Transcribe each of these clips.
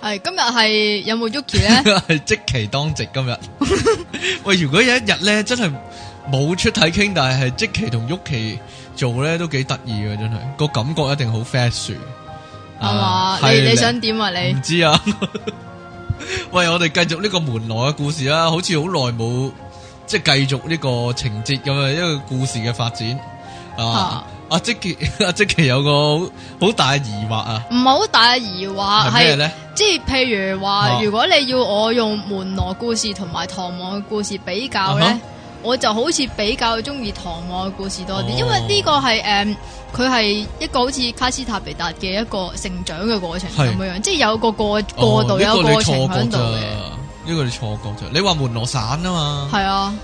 係今日係有冇 Yuki 咧？係 即期當值今日。 喂，如果有一日咧，真係冇出體傾，但係係即期同 Yuki 做咧，都幾得意嘅，真係個感覺一定好 fashion，係嘛？吧 uh, 你是你想點啊？你唔知啊？ 喂，我哋繼續呢個門羅嘅故事啦，好似好耐冇即係繼續呢個情節咁啊，一、這個故事嘅發展、uh, 啊。阿即奇阿即奇有個好好大疑惑啊！唔係好大疑惑，係即係譬如話，啊、如果你要我用《門羅故事》同埋《唐望》嘅故事比較咧，啊、我就好似比較中意《唐望》嘅故事多啲，欸、因為呢個係誒，佢、um, 係一個好似《卡斯塔皮達》嘅一個成長嘅過程，咁咪樣？即係有個過、喔、過渡，有個過程喺度。呢個你錯覺啫，呢個你錯覺啫。你話門羅散啊嘛，係啊。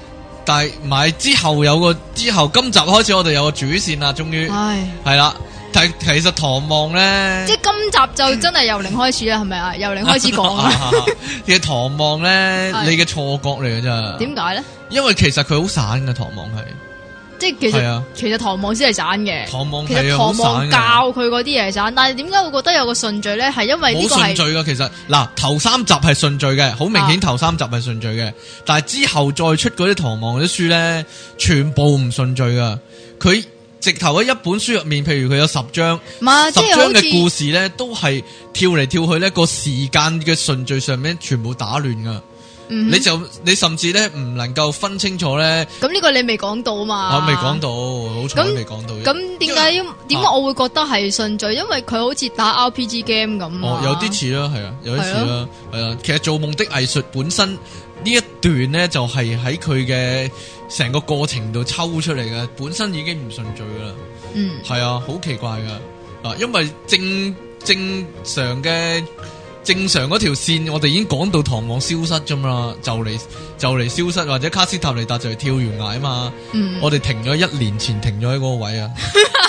但係唔係之後有個之後，今集開始我哋有個主線啦，終於係啦。但係其實唐望咧，即係今集就真係由零開始啦，係咪啊？由零開始講啦。其實唐望咧，你嘅錯覺嚟嘅咋？點解咧？因為其實佢好散嘅，唐望係。即係其實啊其實唐望先係散嘅，其實唐望教佢嗰啲嘢散。但係點解會覺得有個順序咧？係因為好個順序噶，其實嗱頭三集係順序嘅，好明顯頭三集係順序嘅，啊、但係之後再出嗰啲唐望啲書咧，全部唔順序噶。佢直頭喺一本書入面，譬如佢有十章，嘛十章嘅故事咧，都係跳嚟跳去咧個時間嘅順序上面全部打亂噶。Mm hmm. 你就你甚至咧唔能夠分清楚咧，咁呢個你未講到嘛？我未講到，好彩未講到。咁點解？點解 Yeah. 我會覺得係順序？啊、因為佢好似打 RPG game 咁。有啲似啦，係啊，有啲似啦，係啊，啊。其實做夢的藝術本身呢一段咧，就係喺佢嘅成個過程度抽出嚟嘅，本身已經唔順序噶啦。嗯，係啊，好奇怪噶，啊，因為正正常嘅。正常嗰條線，我哋已經講到唐望消失啫嘛，就嚟就嚟消失，或者卡斯塔尼達就嚟跳懸崖啊嘛，嗯、我哋停咗一年前停咗喺嗰個位啊，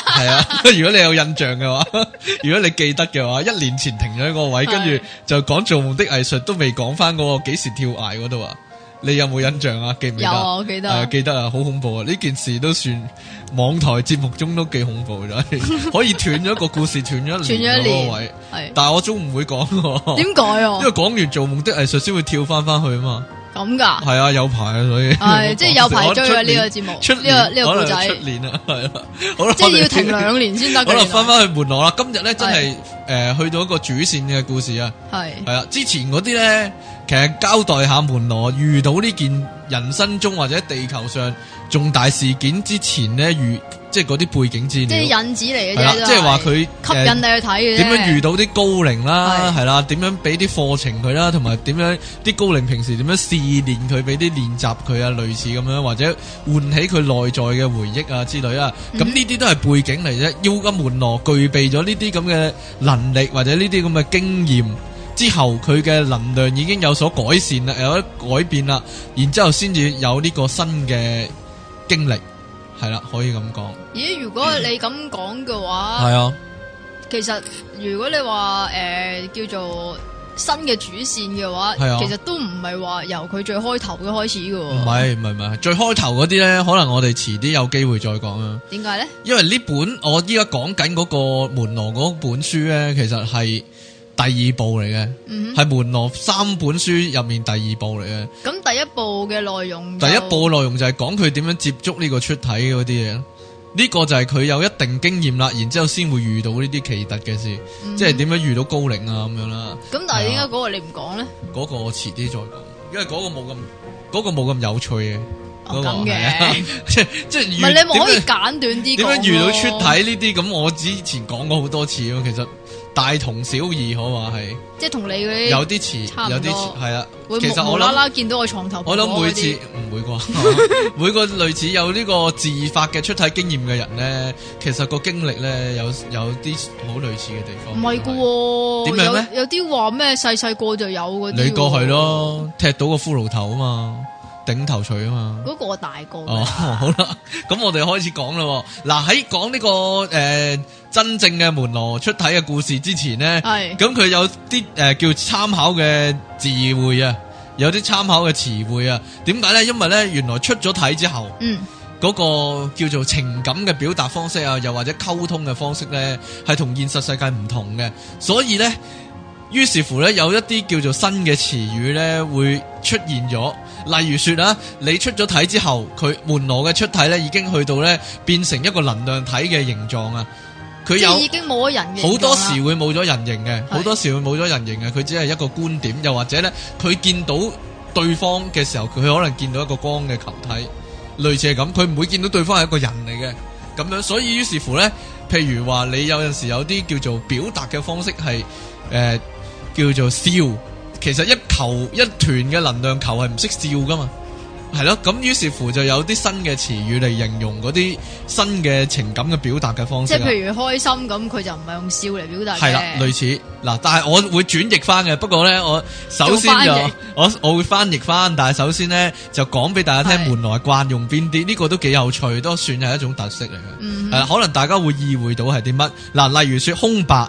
係 啊，如果你有印象嘅話， 如果你記得嘅話，一年前停咗喺個位，跟住是就講做夢的藝術都未講翻嗰個幾時跳崖嗰度啊。你有冇印象啊？記唔記得？有啊，我記得。記得啊，好恐怖啊！呢件事都算網台節目中都幾恐怖，就係可以斷咗個故事，斷咗斷咗一年。位但係我總唔會講。點解？因為講完做夢的藝術先會跳翻翻去啊嘛。咁噶？係啊，有排啊，所以。係即係有排追啊呢個節目，呢個呢個故仔。年啊，係咯，好啦，即係要停兩年先得。好啦，翻翻去門羅啦。今日咧真係誒去到一個主線嘅故事啊。係係啊，之前嗰啲咧。其實交代下門羅遇到呢件人生中或者地球上重大事件之前呢，遇即係嗰啲背景資料。引子嚟嘅，係了是即係話佢吸引你去睇嘅。點樣遇到啲高靈啦，係啦是，點樣俾啲課程佢啦，同埋點樣啲高靈平時點樣試練佢，俾啲練習佢啊，類似咁樣，或者喚起佢內在嘅回憶啊之類啊。咁呢啲都係背景嚟啫。要緊門羅具備咗呢啲咁嘅能力或者呢啲咁嘅經驗。之後佢嘅能量已經有所改善啦，有改變啦，然之後先至有呢個新嘅經歷，係啦，可以咁講。咦？如果你咁講嘅話，係啊、嗯，其實如果你話誒、呃、叫做新嘅主線嘅話，係啊，其實都唔係話由佢最開頭嘅開始嘅，唔係唔係唔係，最開頭嗰啲咧，可能我哋遲啲有機會再講啦。點解咧？因為呢本我依家講緊嗰個門羅嗰本書咧，其實係。第二部嚟嘅，係門羅三本書入面第二部嚟嘅。咁第一部嘅內容，第一部嘅內容就係講佢點樣接觸呢個出體嗰啲嘢。呢個就係佢有一定經驗啦，然之後先會遇到呢啲奇特嘅事，即係點樣遇到高齡啊咁樣啦。咁但係點解嗰個你唔講咧？嗰個我遲啲再講，因為嗰個冇咁嗰個冇咁有趣嘅。咁嘅，即係即係唔係？你可以簡短啲？點樣遇到出體呢啲？咁我之前講過好多次咯，其實。大同小異好嘛？係即係同你嗰啲有啲似，有啲似係啦。其實我啦見到個床頭，我諗每次唔會啩，每個類似有呢個自發嘅出體經驗嘅人咧，其實個經歷咧有有啲好類似嘅地方。唔係噶，點樣咧？有啲話咩？細細個就有嗰啲。你過去咯，踢到個骷髏頭啊嘛，頂頭錘啊嘛。嗰個大個哦，好啦。咁我哋開始講啦。嗱喺講呢個誒。真正嘅門羅出體嘅故事之前呢，咁佢是有啲誒、呃、叫參考嘅字彙啊，有啲參考嘅詞彙啊。點解呢？因為呢，原來出咗體之後，嗰、嗯、個叫做情感嘅表達方式啊，又或者溝通嘅方式呢，係同現實世界唔同嘅。所以呢，於是乎呢，有一啲叫做新嘅詞語呢，會出現咗。例如說啊，你出咗體之後，佢門羅嘅出體呢，已經去到呢，變成一個能量體嘅形狀啊。佢有已經冇咗人形，好多時會冇咗人形嘅，好是多時會冇咗人形嘅，佢只係一個觀點，又或者咧，佢見到對方嘅時候，佢可能見到一個光嘅球體，類似係咁，佢唔會見到對方係一個人嚟嘅，咁樣，所以於是乎咧，譬如話你有陣時有啲叫做表達嘅方式係，誒、呃，叫做笑，其實一球一團嘅能量球係唔識笑噶嘛。係咯，咁於是乎就有啲新嘅詞語嚟形容嗰啲新嘅情感嘅表達嘅方式。即係譬如開心咁，佢就唔係用笑嚟表達嘅。係啦，類似嗱，但係我會轉譯翻嘅。不過咧，我首先就譯我我會翻譯翻，但係首先咧就講俾大家聽，門內慣用邊啲，呢個都幾有趣，都算係一種特色嚟嘅、嗯哼呃。可能大家會意會到係啲乜嗱，例如說空白，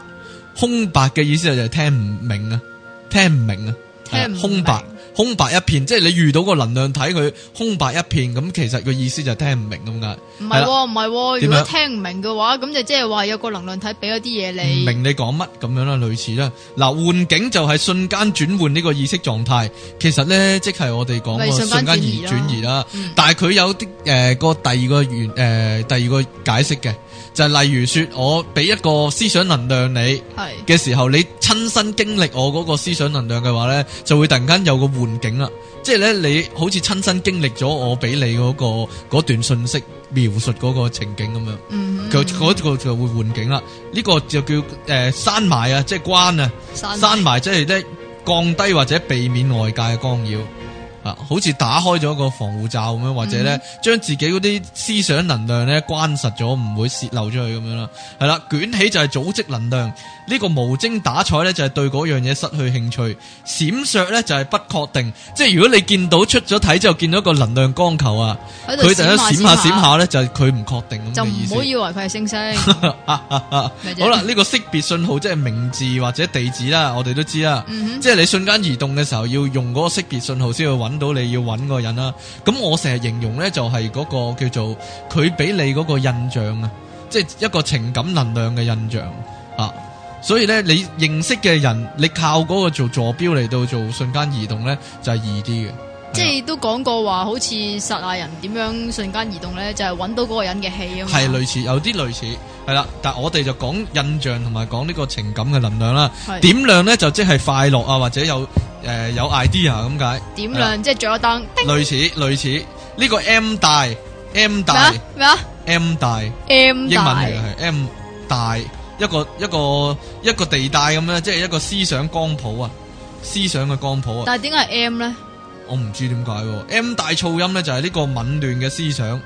空白嘅意思就係聽唔明啊，聽唔明啊，呃、聽唔明白空白。空白一片，即係你遇到個能量體佢空白一片，咁其實個意思就聽唔明咁解。唔係喎，唔係喎，如果聽唔明嘅話，咁樣就即係話有個能量體俾咗啲嘢你。唔明你講乜咁樣啦，類似啦。嗱、啊，換境就係瞬間轉換呢個意識狀態，其實咧即係我哋講個瞬間移轉移啦。嗯、但係佢有啲誒個第二個原誒第二個解釋嘅。就例如說我俾一個思想能量你嘅時候，是你親身經歷我嗰個思想能量嘅話咧，就會突然間有個幻境啦。即係咧，你好似親身經歷咗我俾你嗰、嗰個段信息描述嗰個情景咁樣，佢嗰、嗯嗯嗯、個就會幻境啦。呢、這個就叫誒閂、呃、埋啊，即係關啊，閂底埋即係咧降低或者避免外界嘅干擾。好似打開咗個防護罩咁樣，或者咧將、嗯、哼自己嗰啲思想能量咧關實咗，唔會泄漏出去咁樣啦。係啦，捲起就係組織能量。呢、這個無精打采咧就係對嗰樣嘢失去興趣。閃爍咧就係不確定。即係如果你到見到出咗體之後見到個能量光球啊，佢那就一閃下閃下咧就係佢唔確定，咁就唔好以為佢係星星。好啦，呢個識別信號即係名字或者地址啦，我哋都知啦。嗯、哼即係你瞬間移動嘅時候要用嗰個識別信號先去搵。到你要揾個人啦，咁我成日形容咧就係嗰個叫做佢俾你嗰個印象啊，即係一個情感能量嘅印象啊，所以咧你認識嘅人，你靠嗰個做坐標嚟到做瞬間移動咧就係易啲嘅。即係都講過話，好似殺下人點樣瞬間移動咧，就係、是、揾到嗰個人嘅氣啊！係類似，有啲類似，係啦。但係我哋就講印象同埋講呢個情感嘅能量啦。的點亮咧，就即係快樂啊，或者有誒、呃、有 idea 咁解。點亮亮的即係著咗燈。類似類似呢個 M 大 M 大咩啊，啊 M 大 M, 大 M 大英文嚟嘅係 M 大一個一個一個，一個地帶咁樣，即係一個思想光譜啊，思想嘅光譜啊。但係點解係 M 咧？我唔知點解喎，M 大噪音咧就係呢個紊亂嘅思想，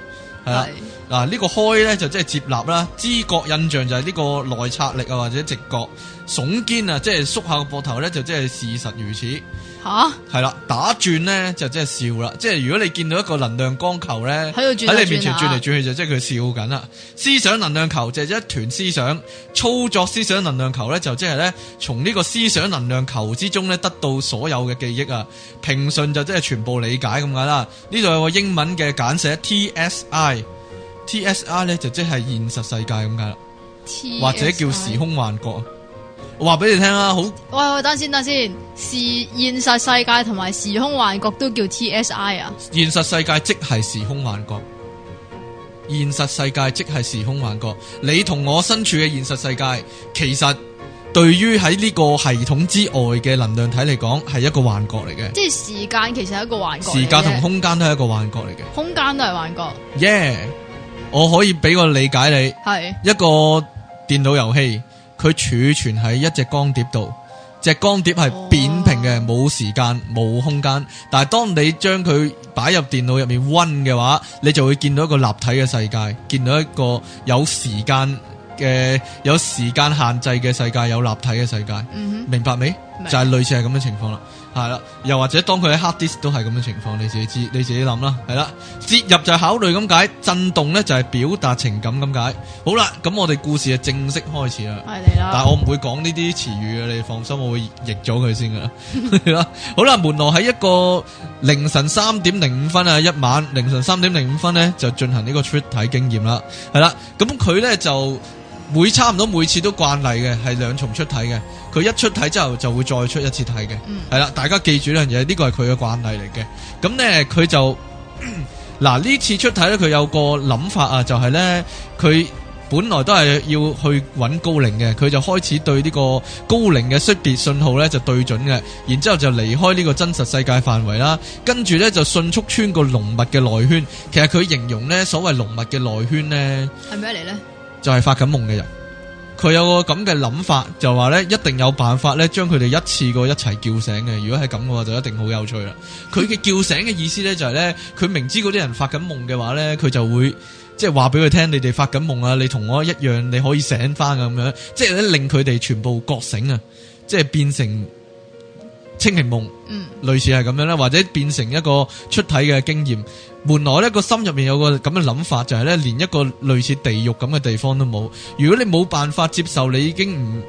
係啦、啊，嗱呢是、啊這個開咧就即係接納啦，知覺印象就係呢個內察力啊或者直覺，聳肩啊即係縮下個膊頭咧就即係事實如此。吓，係啦哈，打轉呢就即係笑啦，即係如果你見到一個能量光球呢，喺你面前轉嚟轉去、啊、就即係佢笑緊啦。思想能量球就係一團思想，操作思想能量球呢，就即係呢，從呢個思想能量球之中呢，得到所有嘅記憶啊。平順就即係全部理解咁解啦。呢度有個英文嘅簡寫 T S I T S I 呢就即係現實世界咁解啦，TSI? 或者叫時空幻覺。話俾你聽啊，好喂，等先，等先，時現實世界同埋時空幻覺都叫 T S I 啊？現實世界即係時空幻覺，現實世界即係時空幻覺。你同我身處嘅現實世界，其實對於喺呢個系統之外嘅能量體嚟講，係一個幻覺嚟嘅。即係時間其實係一個幻覺，時間同空間都係一個幻覺嚟嘅，空間都係幻覺。耶，yeah, 我可以俾個理解你，係，一個電腦遊戲。佢儲存喺一隻光碟度，隻光碟係扁平嘅，冇、哦、時間，冇空間。但係當你將佢擺入電腦入面 run 嘅話，你就會見到一個立體嘅世界，見到一個有時間嘅、有時間限制嘅世界，有立體嘅世界。嗯、哼明白未？明白就係類似係咁嘅情況啦。係啦，又或者當佢喺 hard disk 都係咁樣情況，你自己知，你自己諗啦。係啦，接入就係考慮咁解，震動咧就係表達情感咁解。好啦，咁我哋故事啊正式開始啦。係你啦。但係我唔會講呢啲詞語嘅，你放心，我會譯咗佢先噶啦。好啦，門羅喺一個凌晨三點零五分啊，一晚凌晨三點零五分咧就進行呢個出體經驗啦。係啦，咁佢咧就。每差唔多每次都慣例嘅，係兩重出體嘅。佢一出體之後就會再出一次體嘅，係啦、嗯。大家記住一樣嘢，呢、呢個係佢嘅慣例嚟嘅。咁呢，佢就嗱呢次出體呢，佢有個諗法啊，就係、是、呢，佢本來都係要去揾高靈嘅，佢就開始對呢個高靈嘅識別信號呢就對準嘅，然之後就離開呢個真實世界範圍啦，跟住呢，就迅速穿過濃密嘅內圈。其實佢形容呢所謂濃密嘅內圈呢，係咩嚟咧？就係發緊夢嘅人，佢有個咁嘅諗法，就話咧，一定有辦法咧，將佢哋一次過一齊叫醒嘅。如果係咁嘅話，就一定好有趣啦。佢嘅叫醒嘅意思呢，就係呢，佢明知嗰啲人發緊夢嘅話呢，佢就會即係話俾佢聽，你哋發緊夢啊，你同我一樣，你可以醒翻咁樣，即係咧令佢哋全部覺醒啊，即係變成。清明夢，嗯、類似係咁樣啦，或者變成一個出體嘅經驗。門羅呢個心入面有個咁嘅諗法，就係、是、呢連一個類似地獄咁嘅地方都冇。如果你冇辦法接受你已經唔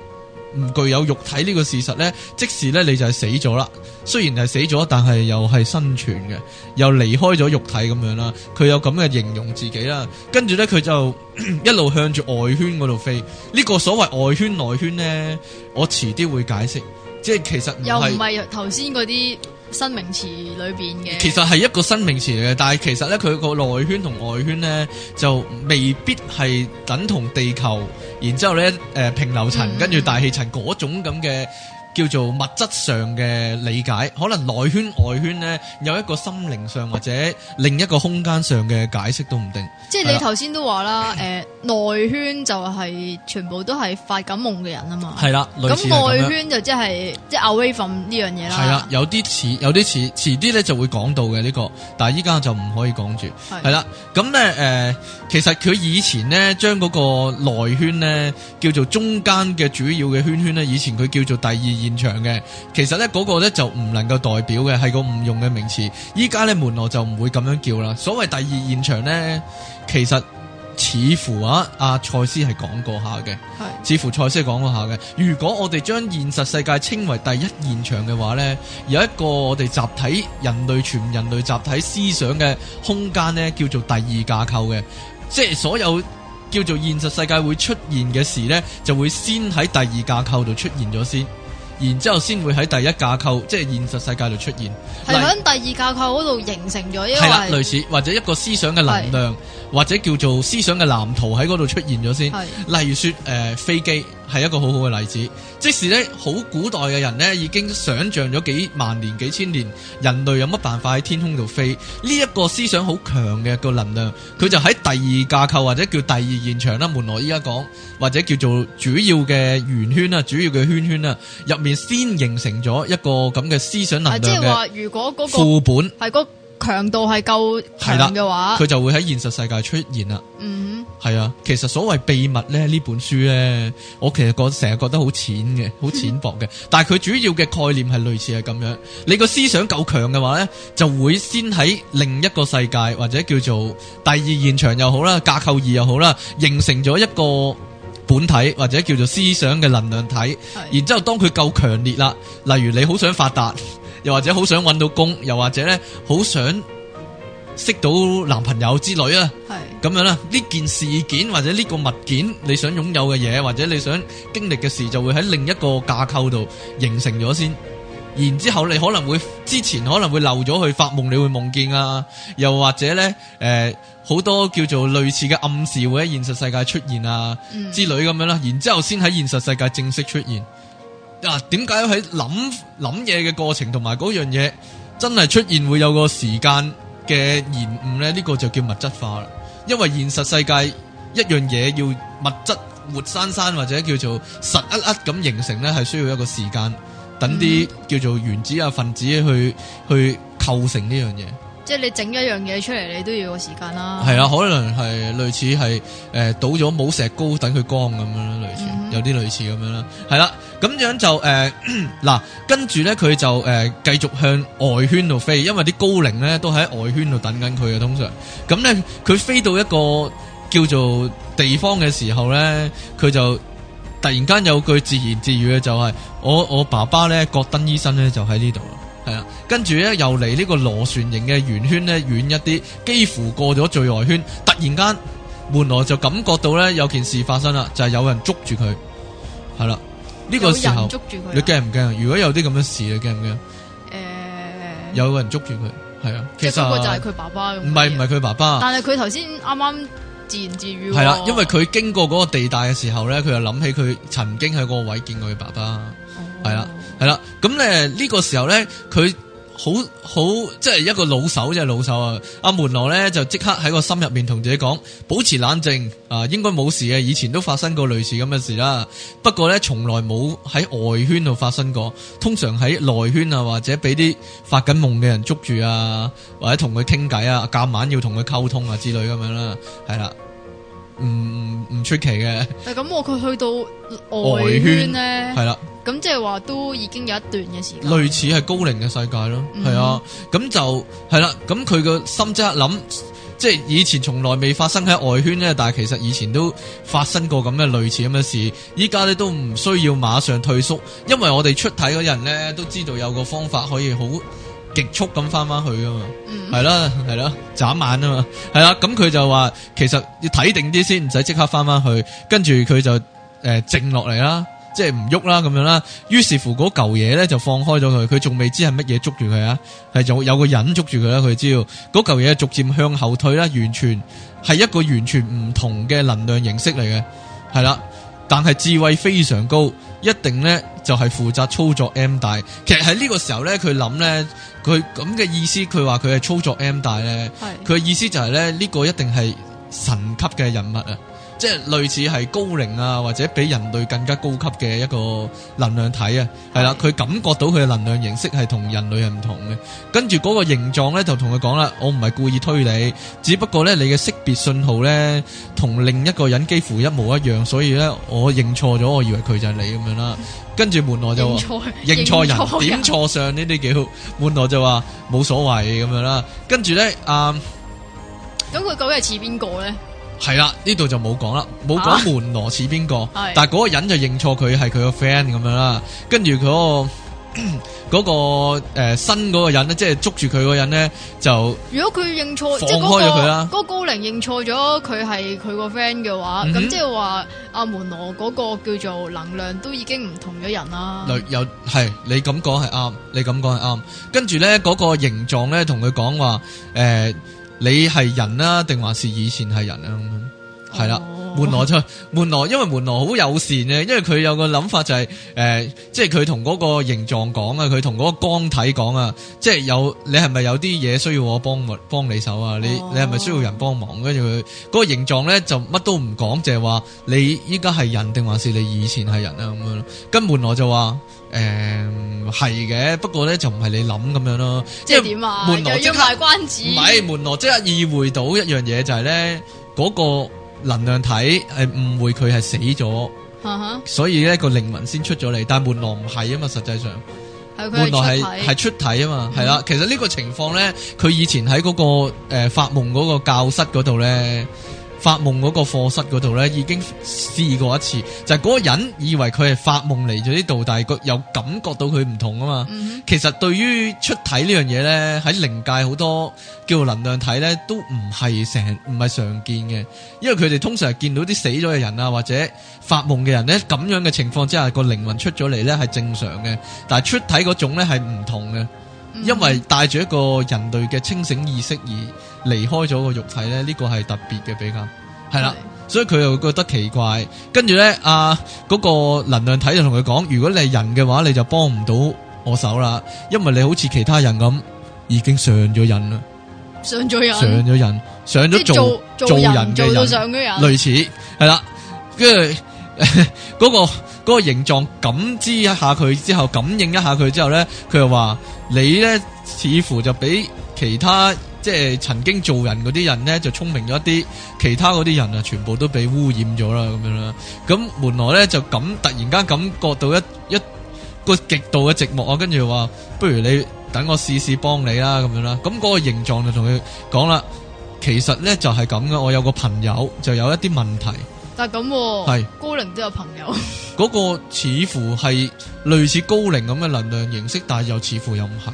唔具有肉體呢個事實呢，即時呢你就係死咗啦。雖然係死咗，但係又係生存嘅，又離開咗肉體咁樣啦。佢有咁嘅形容自己啦，跟住呢，佢就 一路向住外圈嗰度飛。呢、這個所謂外圈內圈呢，我遲啲會解釋。即係其實又唔係頭先嗰啲新名詞裏邊嘅，其實係一個新名詞嚟嘅，但係其實咧佢個內圈同外圈咧就未必係等同地球，然之後咧誒、呃、平流層、嗯、跟住大氣層嗰種咁嘅。叫做物質上嘅理解，可能內圈外圈咧有一個心靈上或者另一個空間上嘅解釋都唔定。即係你頭先都話啦，誒內的、呃、圈就係、是、 全部都係發緊夢嘅人啊嘛。係啦，咁內圈就即係即係 away from 呢樣嘢啦。係啦，有啲似有啲似，遲啲咧就會講到嘅呢、這個，但係依家就唔可以講住。係啦的，咁咧誒其實佢以前咧將個內圈咧叫做中間嘅主要嘅圈圈咧，以前佢叫做第二。現場嘅其實呢嗰、那個，個呢，就唔能夠代表嘅，係個誤用嘅名詞。依家呢門羅就唔會咁樣叫啦。所謂第二現場呢，其實似乎啊，阿、啊、蔡斯係講過下嘅，的似乎蔡斯講過下嘅。如果我哋將現實世界稱為第一現場嘅話呢，有一個我哋集體人類全人類集體思想嘅空間呢，叫做第二架構嘅，即係所有叫做現實世界會出現嘅事呢，就會先喺第二架構度出現咗先。然之後先會喺第一架構，即係現實世界度出現，係喺第二架構度形成咗。係啦，類似或者一個思想嘅能量，是或者叫做思想嘅藍圖喺度出現咗先。是例如說誒、呃、飛機係一個好好嘅例子。即使咧好古代嘅人咧已經想象咗幾萬年、幾千年，人類有乜辦法喺天空度飛呢一、這個思想好強嘅個能量，佢就喺第二架構或者叫第二現場啦，門羅依家講或者叫做主要嘅圓圈啊，主要嘅圈圈啊入面。先形成咗一個咁嘅思想能力。即係話，如果個副本、係個強度係夠強嘅話，佢就會喺現實世界出現啦。嗯哼，係啊。其實所謂秘密咧，呢本書咧，我其實覺成日覺得好淺嘅，好淺薄嘅。 但係佢主要嘅概念係類似係咁樣，你個思想夠強嘅話咧，就會先喺另一個世界或者叫做第二現場又好啦，架構二又好啦，形成咗一個。本體或者叫做思想嘅能量體，是然之後當佢夠強烈啦，例如你好想發達，又或者好想揾到工，又或者呢好想識到男朋友之類啊，咁是樣啦，呢件事件或者呢個物件你想擁有嘅嘢，或者你想經歷嘅事，就會喺另一個架構度形成咗先，然之後你可能會之前可能會漏咗去發夢，你會夢見啊，又或者呢。誒、呃。好多叫做類似嘅暗示會喺現實世界出現啊之類咁樣啦，嗯、然之後先喺現實世界正式出現。嗱、啊，點解喺諗諗嘢嘅過程同埋嗰樣嘢真係出現會有個時間嘅延誤咧？呢、呢個就叫物質化啦。因為現實世界一樣嘢要物質活生生或者叫做實一一咁形，形成咧，係需要一個時間，等啲叫做原子啊分子去去構成呢樣嘢。即係你整一樣嘢出嚟，你都要有時間啦。係啊，可能係類似係誒、呃，倒咗冇石膏等佢乾咁樣咯，類似、嗯、哼有啲類似咁樣啦。係啦、啊，咁樣就誒，嗱、呃，跟住咧佢就誒繼、呃、續向外圈度飛，因爲啲高靈咧都喺外圈度等緊佢嘅，通常。咁咧佢飛到一個叫做地方嘅時候咧，佢就突然間有句自言自語嘅、就是，就係我我爸爸咧，葛登醫生咧就喺呢度。係啊，跟住咧又離呢個螺旋形嘅圓圈咧遠一啲，幾乎過咗最外圈，突然間，門羅就感覺到咧有件事發生啦，就係、是、有人捉住佢，係啦，呢個時候，捉住啊、你驚唔驚啊？如果有啲咁嘅事，你驚唔驚？誒、欸，有個人捉住佢，係啊，其實佢、啊、就係佢爸爸、啊，唔係唔係佢爸爸、啊？但係佢頭先啱啱自言自語係、啊、啦、啊，因為佢經過嗰個地帶嘅時候咧，佢又諗起佢曾經喺嗰個位見過佢爸爸。係啦，係啦，咁咧呢個時候呢，佢好好即係一個老手，即係老手啊！阿門羅呢，就即刻喺個心入面同自己講，保持冷靜啊，應該冇事嘅。以前都發生過類似咁嘅事啦，不過呢，從來冇喺外圈度發生過。通常喺內圈啊，或者俾啲發緊夢嘅人捉住啊，或者同佢傾偈啊，夾晚要同佢溝通啊之類咁樣啦，係啦。唔唔出奇嘅，咁我佢去到外圈呢，係啦，咁即係話都已經有一段嘅時間，類似係高齡嘅世界咯，係啊，咁就係啦，咁佢個心即刻諗，即係以前從來未發生喺外圈呢，但係其實以前都發生過咁嘅類似咁嘅事，依家咧都唔需要馬上退縮，因為我哋出體嘅人呢都知道有個方法可以好。極速咁翻翻去噶嘛，係啦，係啦，眨眼啊嘛，係啦，咁佢就話其實要睇定啲先，唔使即刻翻翻去，跟住佢就誒靜落嚟啦，即係唔喐啦咁樣啦。於是乎，嗰嚿嘢咧就放開咗佢，佢仲未知係乜嘢捉住佢啊，係有有個人捉住佢啦、啊，佢知道嗰嚿嘢逐漸向後退啦，完全係一個完全唔同嘅能量形式嚟嘅，係啦，但係智慧非常高，一定咧就係、是、負責操作 M 大。其實喺呢個時候咧，佢諗咧。佢咁嘅意思，佢話佢係操作 M 大咧，佢嘅是意思就係咧呢、呢個一定係神級嘅人物啊！即係類似係高靈啊，或者比人類更加高級嘅一個能量體啊，係啦的，佢感覺到佢嘅能量形式係同人類係唔同嘅，跟住嗰個形狀咧就同佢講啦，我唔係故意推你，只不過咧你嘅識別信號咧同另一個人幾乎一模一樣，所以咧我認錯咗，我以為佢就係你咁樣啦，跟住門羅就話認錯錯人，點錯相呢啲幾好！」門羅就話冇所謂咁樣啦，跟住咧，咁佢究竟係似邊個咧？係啦，呢度就冇講啦，冇講門羅似邊個，啊、但係嗰個人就認錯佢係佢個 friend 咁樣啦。跟住嗰、那個、那個誒、呃、新嗰個人咧，即係捉住佢嗰人咧就如果佢認錯，放開咗佢啦。嗰、那個、高靈認錯咗佢係佢個 friend 嘅話，咁、嗯、哼即係話阿門羅嗰個叫做能量都已經唔同咗人啦、呃。有係你咁講係啱，你咁講係啱。跟住咧嗰個形狀咧同佢講話誒。你係人啦，啊，定還是以前係人啊？咁樣係啦，門羅出去，門羅，因為門羅好友善嘅，因為佢有個諗法就係、是、誒，即係佢同嗰個形狀講啊，佢同嗰個光體講啊，即、就、係、是、有你係咪有啲嘢需要我幫幫你手啊？Oh. 你你係咪需要人幫忙？跟住佢嗰個形狀咧就乜都唔講，就係話你依家係人定還是你以前係人啊？咁樣，oh. 跟門羅就話，誒，係嘅、嗯，不過咧就唔係你諗咁樣咯，即係點啊？門羅又要賣關子，唔係門羅即刻意會到一樣嘢，就係咧嗰個能量體係誤會佢係死咗，啊、哈所以咧、嗰個靈魂先出咗嚟，但係門羅唔係啊嘛，實際上門羅係係出體啊嘛，係啦。其實呢個情況咧，佢以前喺嗰、嗰個誒發夢嗰個教室嗰度咧。嗯發夢嗰個課室嗰度咧，已經試過一次，就係嗰個人以為佢係發夢嚟咗呢度，但係佢有感覺到佢唔同啊嘛。嗯、哼其實對於出體呢樣嘢呢，喺靈界好多叫做能量體呢，都唔係成唔係常見嘅，因為佢哋通常係見到啲死咗嘅人啊，或者發夢嘅人呢。咁樣嘅情況之下個靈魂出咗嚟呢係正常嘅，但係出體嗰種呢係唔同嘅。因為帶住一個人類嘅清醒意識而離開咗個肉體咧，呢、這個係特別嘅比較，係啦，對所以佢又覺得奇怪。跟住咧，阿、啊、嗰、那個能量體就同佢講：如果你係人嘅話，你就幫唔到我手啦，因為你好似其他人咁，已經上咗癮啦，上咗癮，上咗癮，上咗做做人嘅人，做上人類似係啦，跟住嗰個。嗰個形狀感知一下佢之後，感應一下佢之後呢，佢又話：你呢，似乎就比其他即係曾經做人嗰啲人呢，就聰明咗一啲，其他嗰啲人啊全部都被污染咗啦咁樣啦。咁門羅呢，就咁突然間感覺到一一,一個極度嘅寂寞啊，跟住就話：不如你等我試試幫你啦咁樣啦。咁嗰、嗰個形狀就同佢講啦，其實呢，就係咁嘅，我有個朋友就有一啲問題。但咁，是高齡都有朋友。嗰個似乎係類似高齡咁嘅能量形式，但係又似乎又唔係。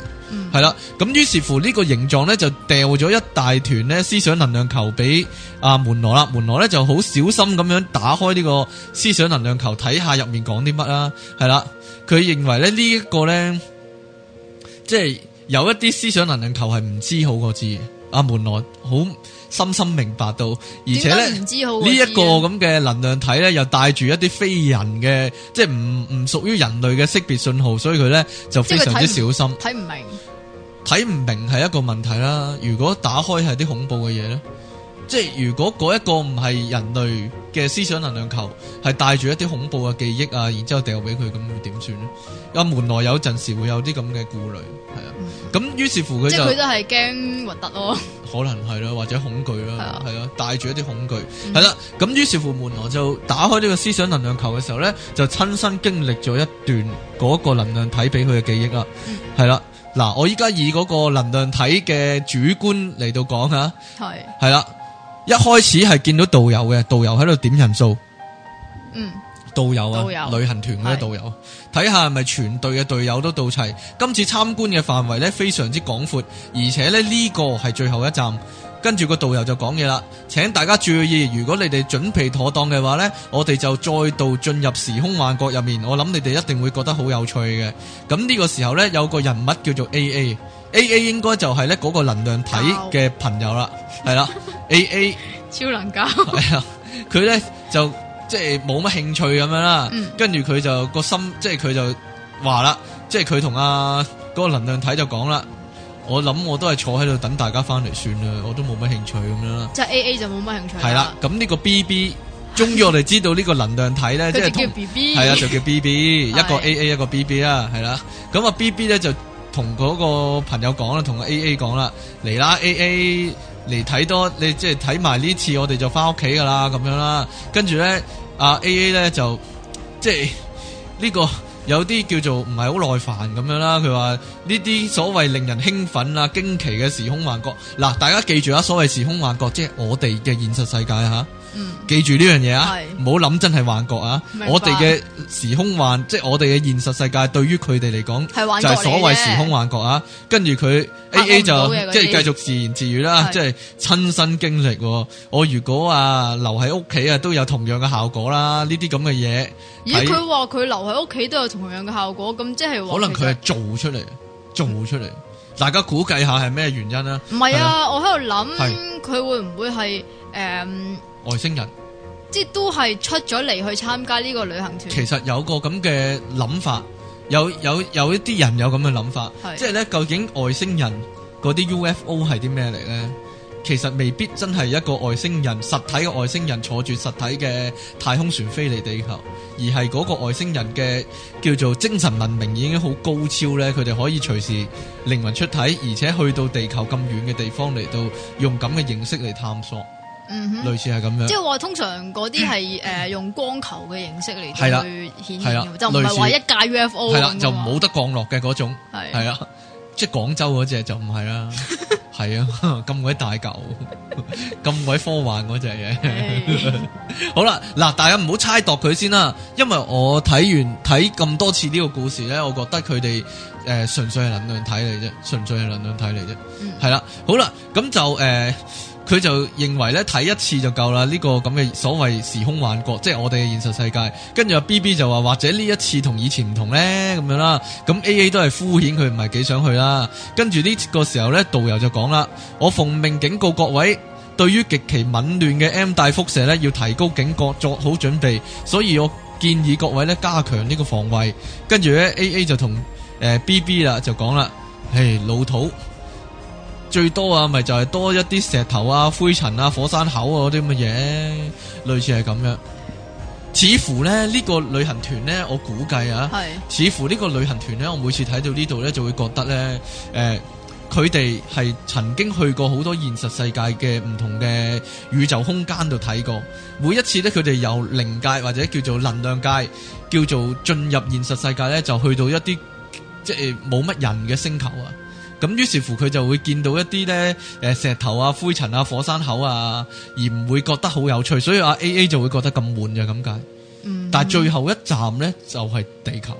係啦、嗯，咁於是，是乎呢個形狀咧就掉咗一大團咧思想能量球俾阿門羅啦。門羅咧就好小心咁樣打開呢個思想能量球睇下入面講啲乜啦。係啦，佢認為咧呢一、這個咧，即、就、係、是、有一啲思想能量球係唔知好過知。阿、啊、門羅好，深深明白到，而且呢，呢一個咁嘅能量體呢，又帶住一啲非人嘅，即係唔唔屬於人類嘅識別信號，所以佢呢就非常之小心。睇唔明，睇唔明係一個問題啦。如果打開係啲恐怖嘅嘢呢。即係如果嗰一個唔係人類嘅思想能量球，係帶住一啲恐怖嘅記憶啊，然之後掉俾佢，咁會點算咧？阿門羅有陣時會有啲咁嘅顧慮，係、嗯、啊，咁於是乎佢就即係佢都係驚核突咯，可能係咯、啊，或者恐懼咯，係啊，帶住、啊、一啲恐懼，係啦、嗯，咁於是乎門羅就打開呢個思想能量球嘅時候咧，就親身經歷咗一段嗰個能量體俾佢嘅記憶啦，係啦、嗯，嗱，我依家以嗰個能量體嘅主觀嚟到講吓，係的，係啦的。一開始係見到導遊嘅，導遊喺度點人數，嗯，導遊啊，導遊，旅行團嗰啲導遊，睇是下係咪全隊嘅隊友都到齊。今次參觀嘅範圍呢非常之廣闊，而且呢呢個係最後一站。跟住個導遊就講嘢啦，請大家注意，如果你哋準備妥當嘅話呢，我哋就再度進入時空幻覺入面。我諗你哋一定會覺得好有趣嘅。咁呢個時候呢，有個人物叫做 A A，A、嗯、A 應該就係呢嗰個能量體嘅朋友啦，係啦、嗯。了 A AA A 超能教 佢咧就即係冇乜興趣咁樣啦。跟住佢就個心，即係佢就話啦，即係佢同啊嗰個能量體就講啦。我諗我都係坐喺度等大家翻嚟算啦，我都冇乜興趣咁樣啦。即係 A A 就冇乜興趣。係啦，咁呢個 B B 終於我哋知道呢個能量體咧，即係 叫 B B 係啦，就叫 B B 一個 A A 一個 B B 啊，係啦。咁啊 B B 咧就同嗰個朋友講啦，同 A A 講啦，嚟啦 A A。嚟睇多，你即係睇埋呢次，我哋就翻屋企噶啦，咁樣啦。跟住咧，阿 A A 咧就即係呢個有啲叫做唔係好耐煩，咁樣啦。佢話呢啲所謂令人興奮啊、驚奇嘅時空幻覺，嗱，大家記住啊，所謂時空幻覺即係我哋嘅現實世界嚇。嗯，記住呢樣嘢啊，唔好諗真係幻覺啊！我哋嘅時空幻，即係我哋嘅現實世界，對於佢哋嚟講，係幻覺嚟嘅。就係所謂時空幻覺啊！跟住佢 A A 就即係繼續自言自語啦，即係親身經歷。我如果啊留喺屋企啊，都有同樣嘅效果啦。呢啲咁嘅嘢，如果佢話佢留喺屋企都有同樣嘅效果，咁即係可能佢係做出嚟，做出嚟。大家估計下係咩原因啊？唔係啊，我喺度諗佢會唔會係誒？外星人，即係都係出咗嚟，去參加呢個旅行團。其實有個咁嘅諗法，有有有一啲人有咁嘅諗法，是即係咧，究竟外星人嗰啲 UFO 係啲咩嚟咧？其實未必真係一個外星人實體嘅外星人坐住實體嘅太空船飛嚟地球，而係嗰個外星人嘅叫做精神文明已經好高超咧，佢哋可以隨時靈魂出體，而且去到地球咁遠嘅地方嚟到用咁嘅形式嚟探索。類似係咁樣，即係話通常嗰啲係誒用光球嘅形式嚟去顯現嘅，就唔係話一架 UFO，係啦，就冇得降落嘅嗰種，係係啊，即係廣州嗰隻就唔係啦，係啊，咁鬼大舊，咁鬼科幻嗰隻嘢，好啦，嗱，大家唔好猜度佢先啦，因為我睇完睇咁多次呢個故事咧，我覺得佢哋誒純粹係能量體嚟啫，純粹係能量體嚟啫，係啦，好啦，咁就誒。佢就認為咧睇一次就夠啦，呢個咁嘅所謂時空幻覺，即係我哋嘅現實世界。跟住 B B 就話，或者呢一次同以前唔同呢？咁樣啦。咁 A A 都係敷衍，佢唔係幾想去啦。跟住呢個時候呢，導遊就講啦：我奉命警告各位，對於極其紊亂嘅 M 大輻射呢，要提高警覺，作好準備。所以，我建議各位呢加強呢個防衞。跟住咧，A A 就同誒 B B 啦，就講啦：係老土。最多啊，咪就係多一啲石頭啊、灰塵啊、火山口啊嗰啲咁嘅嘢，類似係咁樣。似乎咧呢個旅行團咧，我估計啊，是似乎呢個旅行團咧，我每次睇到呢度咧，就會覺得咧，誒、呃，佢哋係曾經去過好多現實世界嘅唔同嘅宇宙空間度睇過。每一次咧，佢哋由靈界或者叫做能量界，叫做進入現實世界咧，就去到一啲即係冇乜人嘅星球啊。咁於是乎佢就會見到一啲咧，誒、石頭啊、灰塵啊、火山口啊，而唔會覺得好有趣，所以啊 A A 就會覺得咁悶嘅咁解。嗯，但係最後一站咧就係地球，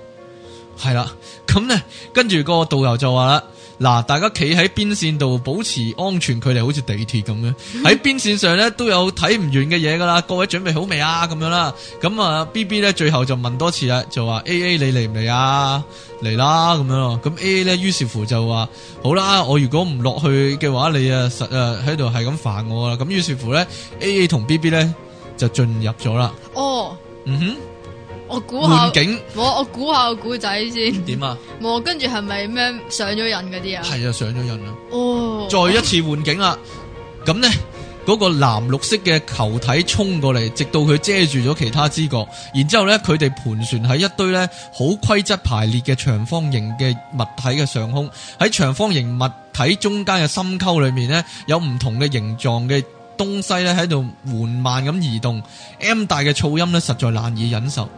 係啦。咁咧跟住個導遊就話啦。嗱，大家企喺邊線度保持安全距離，好似地鐵咁樣。喺、嗯、邊線上咧都有睇唔遠嘅嘢噶啦。各位準備好未啊？咁樣啦。咁啊，B B 咧最後就問多次啦，就話 A A 你嚟唔嚟啊？嚟啦咁樣咯。咁 A A 咧於是乎就話：好啦，我如果唔落去嘅話，你啊實啊喺度係咁煩我啦。咁於是乎咧，A A 同 B B 咧就進入咗啦。哦，嗯哼。我估下，境我估下個古仔先。點啊？冇，跟住係咪咩上咗癮嗰啲啊？係啊，上咗癮啊！哦，再一次換景啦。咁 呢，嗰、嗰個藍綠色嘅球體衝過嚟，直到佢遮住咗其他知覺。然之後咧，佢哋盤旋喺一堆呢好規則排列嘅長方形嘅物體嘅上空。喺長方形物體中間嘅深溝裏面呢，有唔同嘅形狀嘅東西呢喺度緩慢咁移動。M 大嘅噪音呢，實在難以忍受。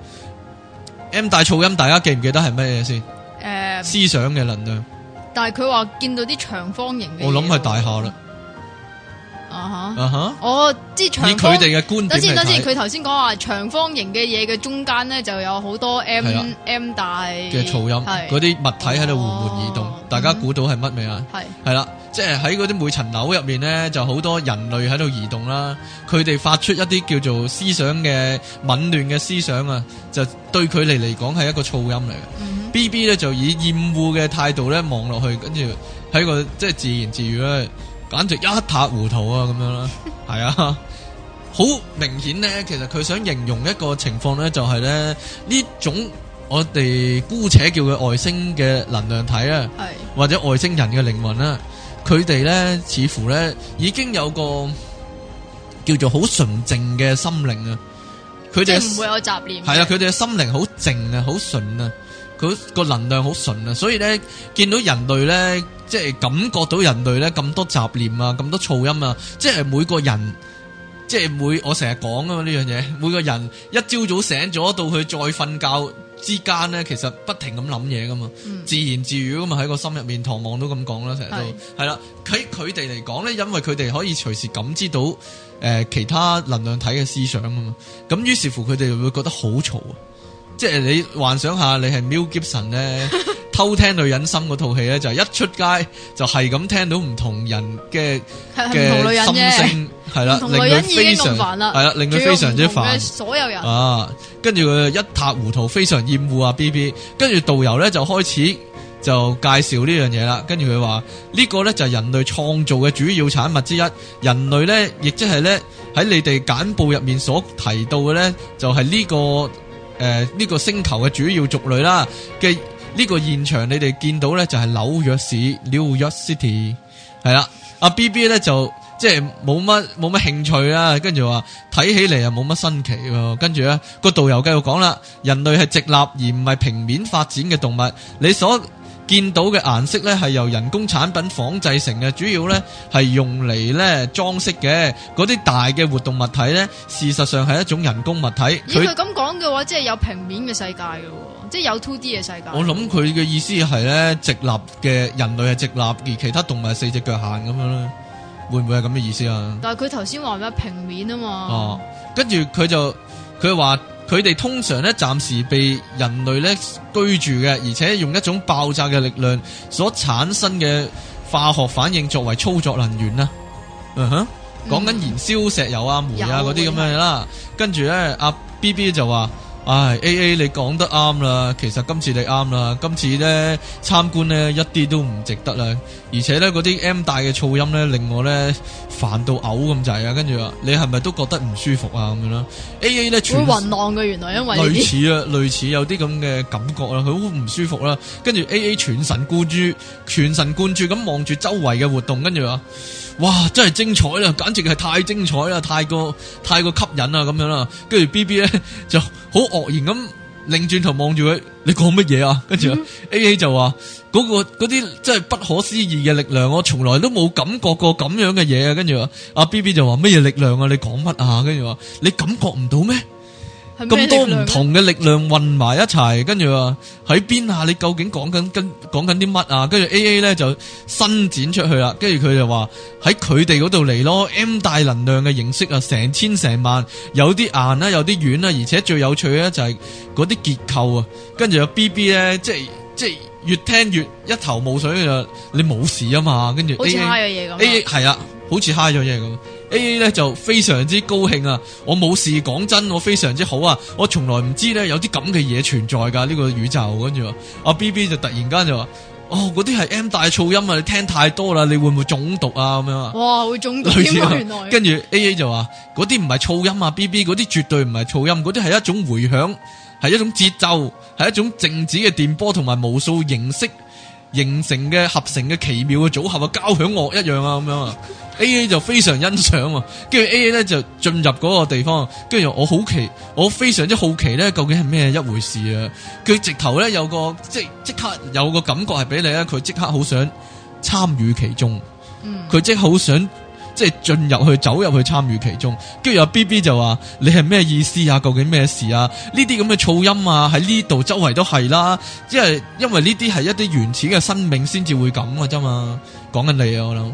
M 大噪音，大家記唔記得係乜嘢先？誒，um, 思想嘅能量。但係佢話見到啲長方形嘅。我諗係大廈啦。啊吓。啊吓。我即係長。以佢哋嘅觀點嚟睇。等先等先，佢頭先講話長方形嘅嘢嘅中間咧就有好多 M 了 M 大嘅噪音，嗰啲的物體喺度緩緩移動。Uh oh. 大家估到係乜未啊？係係啦，即係喺嗰啲每層樓入面呢，就好多人類喺度移動啦。佢哋發出一啲叫做思想嘅紊亂嘅思想啊，就對佢哋嚟講係一個噪音嚟嘅。BB 咧就以厭惡嘅態度咧望落去，跟住喺個即係、就是、自言自語咧，簡直一塌糊塗啊咁樣啦。係啊，好、 啊、明顯呢，其實佢想形容一個情況呢，就係、是、呢：呢種。我哋姑且叫佢外星嘅能量體啊，是或者外星人嘅靈魂啦，佢哋咧似乎咧已經有個叫做好純淨嘅心靈啊，佢哋唔會有雜念，係啊，佢哋嘅心靈好靜啊，好純啊，佢個能量好純啊，所以咧見到人類咧，即係感覺到人類咧咁多雜念啊，咁多噪音啊，即係每個人。即係每我成日講噶嘛呢樣嘢，每個人一朝早醒咗到佢再瞓覺之間咧，其實不停咁諗嘢噶嘛，嗯、自言自語咁啊喺個心入面，唐望都咁講啦，成日都係啦。喺佢哋嚟講咧，因為佢哋可以隨時感知到誒、呃、其他能量體嘅思想啊嘛，咁於是乎佢哋會覺得好嘈啊，即係你幻想下你係 Milton 咧。偷聽女人心嗰套戲咧，就係一出街就係咁聽到唔同人嘅嘅心聲，係啦，令佢非常煩啦，係啦，令佢非常之煩。所有人啊，跟住佢一塌糊塗，非常厭惡啊 B B。跟住導遊咧就開始就介紹呢樣嘢啦，跟住佢話呢個咧就係人類創造嘅主要產物之一，人類咧亦即係咧喺你哋簡報入面所提到嘅咧，就係呢個誒呢個星球嘅主要族類啦嘅。呢個現場你哋見到呢，就係、是、紐約市 New York City 係啦，阿 B B 咧就即係冇乜冇乜興趣啦、啊，跟住話睇起嚟又冇乜新奇喎、啊，跟住咧個導遊繼續講啦，人類係直立而唔係平面發展嘅動物，你所見到嘅顏色咧係由人工產品仿製成嘅，主要咧係用嚟咧裝飾嘅，嗰啲大嘅活動物體咧事實上係一種人工物體。以，佢咁講嘅話，即係有平面嘅世界噶、啊？即係有 two D 嘅世界。我諗佢嘅意思係咧，直立嘅人類係直立，而其他動物係四隻腳行咁樣咯。會唔會係咁嘅意思啊？但係佢頭先話咩平面啊嘛。哦，跟住佢就佢話佢哋通常咧暫時被人類咧居住嘅，而且用一種爆炸嘅力量所產生嘅化學反應作為操作能源啦、啊。Uh-huh, 嗯哼，講緊燃燒石油啊、煤啊嗰啲咁樣嘢啦。跟住咧，阿 B B 就話。唉，A A 你講得啱啦，其實今次你啱啦，今次咧參觀咧一啲都唔值得啦，而且咧嗰啲 M 大嘅噪音咧令我咧煩到嘔咁滯啊，跟住啊你係咪都覺得唔舒服啊咁樣啦？A A 咧全會渾浪嘅原來因為類似啊，類似，類似有啲咁嘅感覺啦，佢好唔舒服啦、啊，跟住 A A 全神貫注，全神貫注咁望住周圍嘅活動，跟住啊。哇！真係精彩啦，簡直係太精彩啦，太過太過吸引啦咁樣啦。跟住 B B 咧就好愕然咁擰轉頭望住佢，你講乜嘢啊？跟住 A A 就話嗰、嗰個嗰啲真係不可思議嘅力量，我從來都冇感覺過咁樣嘅嘢啊。跟住阿 B B 就話乜嘢力量啊？你講乜啊？跟住話你感覺唔到咩？咁多唔同嘅力量混埋一齊，跟住話喺邊下你究竟講緊跟講緊啲乜啊？跟住 A A 咧就伸展出去啦，跟住佢就話喺佢哋度嚟咯。M 大能量嘅形式啊，成千成萬，有啲硬啦，有啲軟啦，而且最有趣咧就係啲結構啊。跟住有 B B 咧，即係即係越聽越一頭霧水啊！你冇事啊嘛？跟住 A A 係啊，好似嗨咗嘢咁。A A 咧就非常之高興啊！我冇事，講真，我非常之好啊！我從來唔知咧有啲咁嘅嘢存在噶呢、這個宇宙，跟住阿、啊、B B 就突然間就話：哦，嗰啲係 M 大噪音啊！你聽太多啦，你會唔會中毒啊？咁樣啊！哇，會中毒、啊！啊、原來跟住 A A 就話：嗰啲唔係噪音啊！B B 嗰啲絕對唔係噪音，嗰啲係一種回響，係一種節奏，係一種靜止嘅電波同埋無數形式。形成嘅合成嘅奇妙嘅組合啊，交響樂一樣啊，咁樣啊，A A 就非常欣賞啊，跟住 A A 咧就進入嗰個地方，跟住我好奇，我非常之好奇咧，究竟係咩一回事啊？佢直頭咧有個即即刻有個感覺係俾你咧，佢即刻好想參與其中，嗯，佢即刻好想。即係進入去走入去參與其中，跟住阿 B B 就話：你係咩意思啊？究竟咩事啊？呢啲咁嘅噪音啊，喺呢度周圍都係啦。即係因為呢啲係一啲原始嘅生命先至會咁嘅啫嘛。講緊你啊，我諗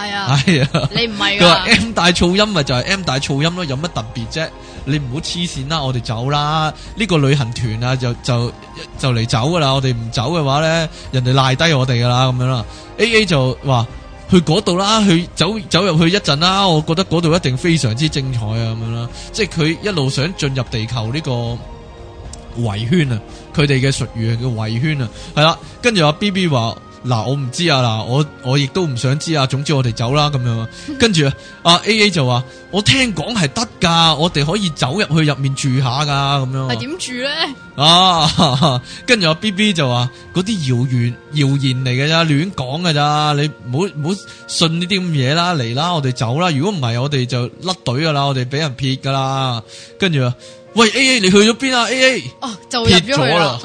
係啊，係啊，你唔係個 M 大噪音咪、啊、就係、是、M 大噪音咯、啊，有乜特別啫、啊？你唔好黐線啦，我哋走啦。呢、呢個旅行團啊，就就就嚟走噶啦。我哋唔走嘅話咧，人哋賴低我哋噶啦，咁樣啦。A A 就話。去嗰度啦，去走走入去一陣啦，我覺得嗰度一定非常之精彩啊，咁樣啦，即係佢一路想進入地球呢個圍圈啊，佢哋嘅術語係叫圍圈啊，係啦，跟住阿 BB 話。嗱，我唔知啊，嗱，我我亦都唔想知啊，總之我哋走啦咁樣，跟住 啊，A A 就話我聽講係得噶，我哋可以走入去入面住下噶咁樣。係點住咧？啊，跟住阿、啊、B B 就話嗰啲謠言謠言嚟嘅咋，亂講嘅咋，你唔好唔好信呢啲咁嘢啦，嚟啦，我哋走啦，如果唔係我哋就甩隊噶啦，我哋俾人撇噶啦。跟住啊，喂 A A 你去咗邊啊？A A 哦，就入咗去啦。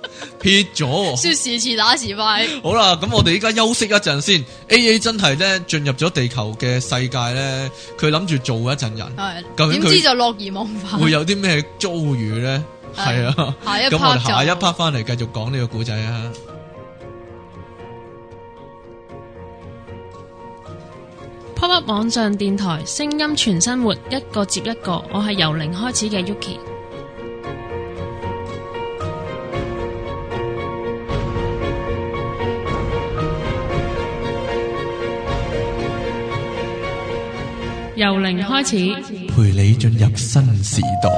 撇咗， 說時遲，打時快。好啦，咁我哋依家休息一陣先。A A 真係咧進入咗地球嘅世界咧，佢諗住做一陣人，點知就樂而忘返。會有啲咩遭遇咧？係啊的，咁我的下一 part 翻嚟繼續講呢個古仔啊。Pop Up 網上電台，聲音全生活，一個接一個。我係由零開始嘅 Yuki。由零開始，陪你進入新時代。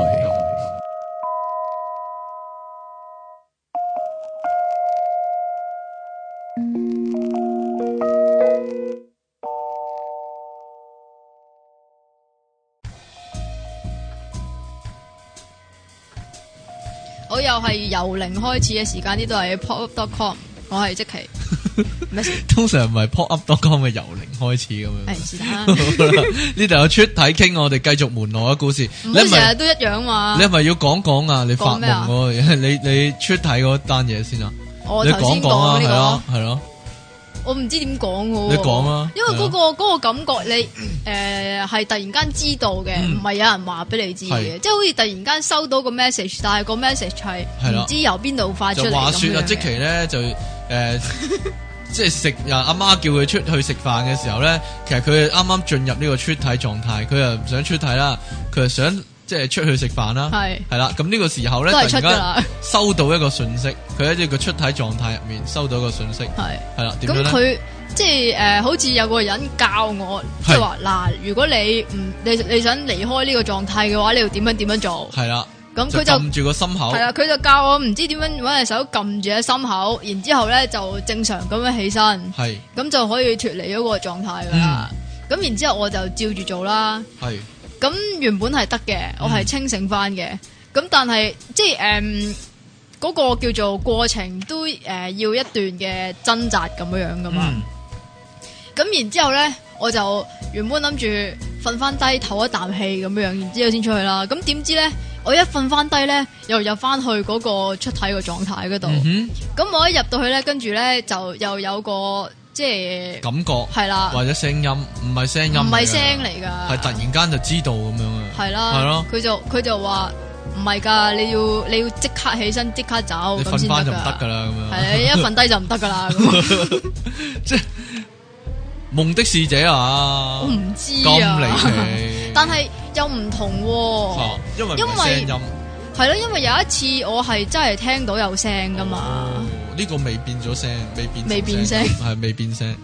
我又係由零開始嘅時間，呢度係 pop dot com，我係積奇。通常唔係 pop up 多康嘅，由零開始咁樣。呢度有出體傾，我哋繼續門羅嘅故事。你成日都一樣嘛？你係咪要講講啊？你發夢啊？你你出體嗰單嘢先啊？你講講啊？係咯，係咯。我唔知點講嘅。你講啊！因為嗰個個感覺，你誒係突然間知道嘅，唔係有人話俾你知嘅，即係好似突然間收到個 message，但係個 message 係唔知由邊度發出嚟。話說啊，即期咧就誒。即係食阿阿媽叫佢出去食飯嘅時候咧，其實佢啱啱進入呢個出體狀態，佢又唔想出體啦，佢又想即係、就是、出去食飯啦，係啦是，咁呢個時候咧突然間收到一個信息，佢喺呢個出體狀態入面收到一個信息，係係啦，點咧？咁佢即係誒，好似有個人教我，即係話嗱，如果你唔你你想離開呢個狀態嘅話，你要點樣點樣做？係啦。咁佢就係啦，佢就教我唔知點樣搵隻手撳住喺心口，然之後咧就正常咁樣起身，係咁就可以脫離咗嗰個狀態啦。咁然之後我就照住做啦，係咁原本係得嘅，我係清醒翻嘅。咁但係即係誒嗰個叫做過程都誒要一段嘅掙扎咁樣樣噶嘛。咁然之後咧我就原本諗住瞓翻低唞一啖氣咁樣，然之後先出去啦。咁點知咧？我一瞓翻低咧，又入翻去嗰個出體嘅狀態嗰度。咁我一入到去咧，跟住咧就又有個即係感覺，係啦，或者聲音，唔係聲音，唔係聲嚟噶，係突然間就知道咁樣嘅。係啦，係咯，佢就佢就話唔係噶，你要你要即刻起身，即刻走，瞓翻就唔得噶啦。係啊，一瞓低就唔得噶啦。咁即係夢的使者啊，我唔知咁但係。又唔同、啊啊，因為未聲音係咯，因為有一次我係真係聽到有聲噶嘛，呢、哦這個未變咗聲，未變聲，未變聲，係未 變聲？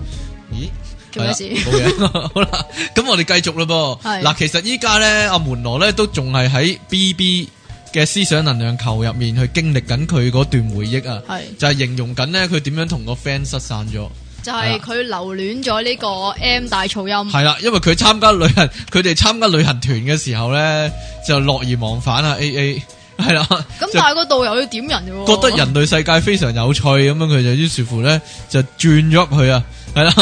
咦，做咩事？冇嘢， 好啦，咁我哋繼續啦噃。嗱、啊，其實依家咧，阿門羅咧都仲係喺 B B 嘅思想能量球入面去經歷緊佢嗰段回憶啊，係是就係形容緊咧佢點樣同個 friend 失散咗。就係佢留戀咗呢個 M 大噪音。係啦，因為佢參加旅行，佢哋參加旅行團嘅時候咧，就樂而忘返啊！A A 係啦。咁但係個導遊要點人嘅喎、哦。覺得人類世界非常有趣咁樣，佢就於是乎咧就轉咗入去啊，係啦，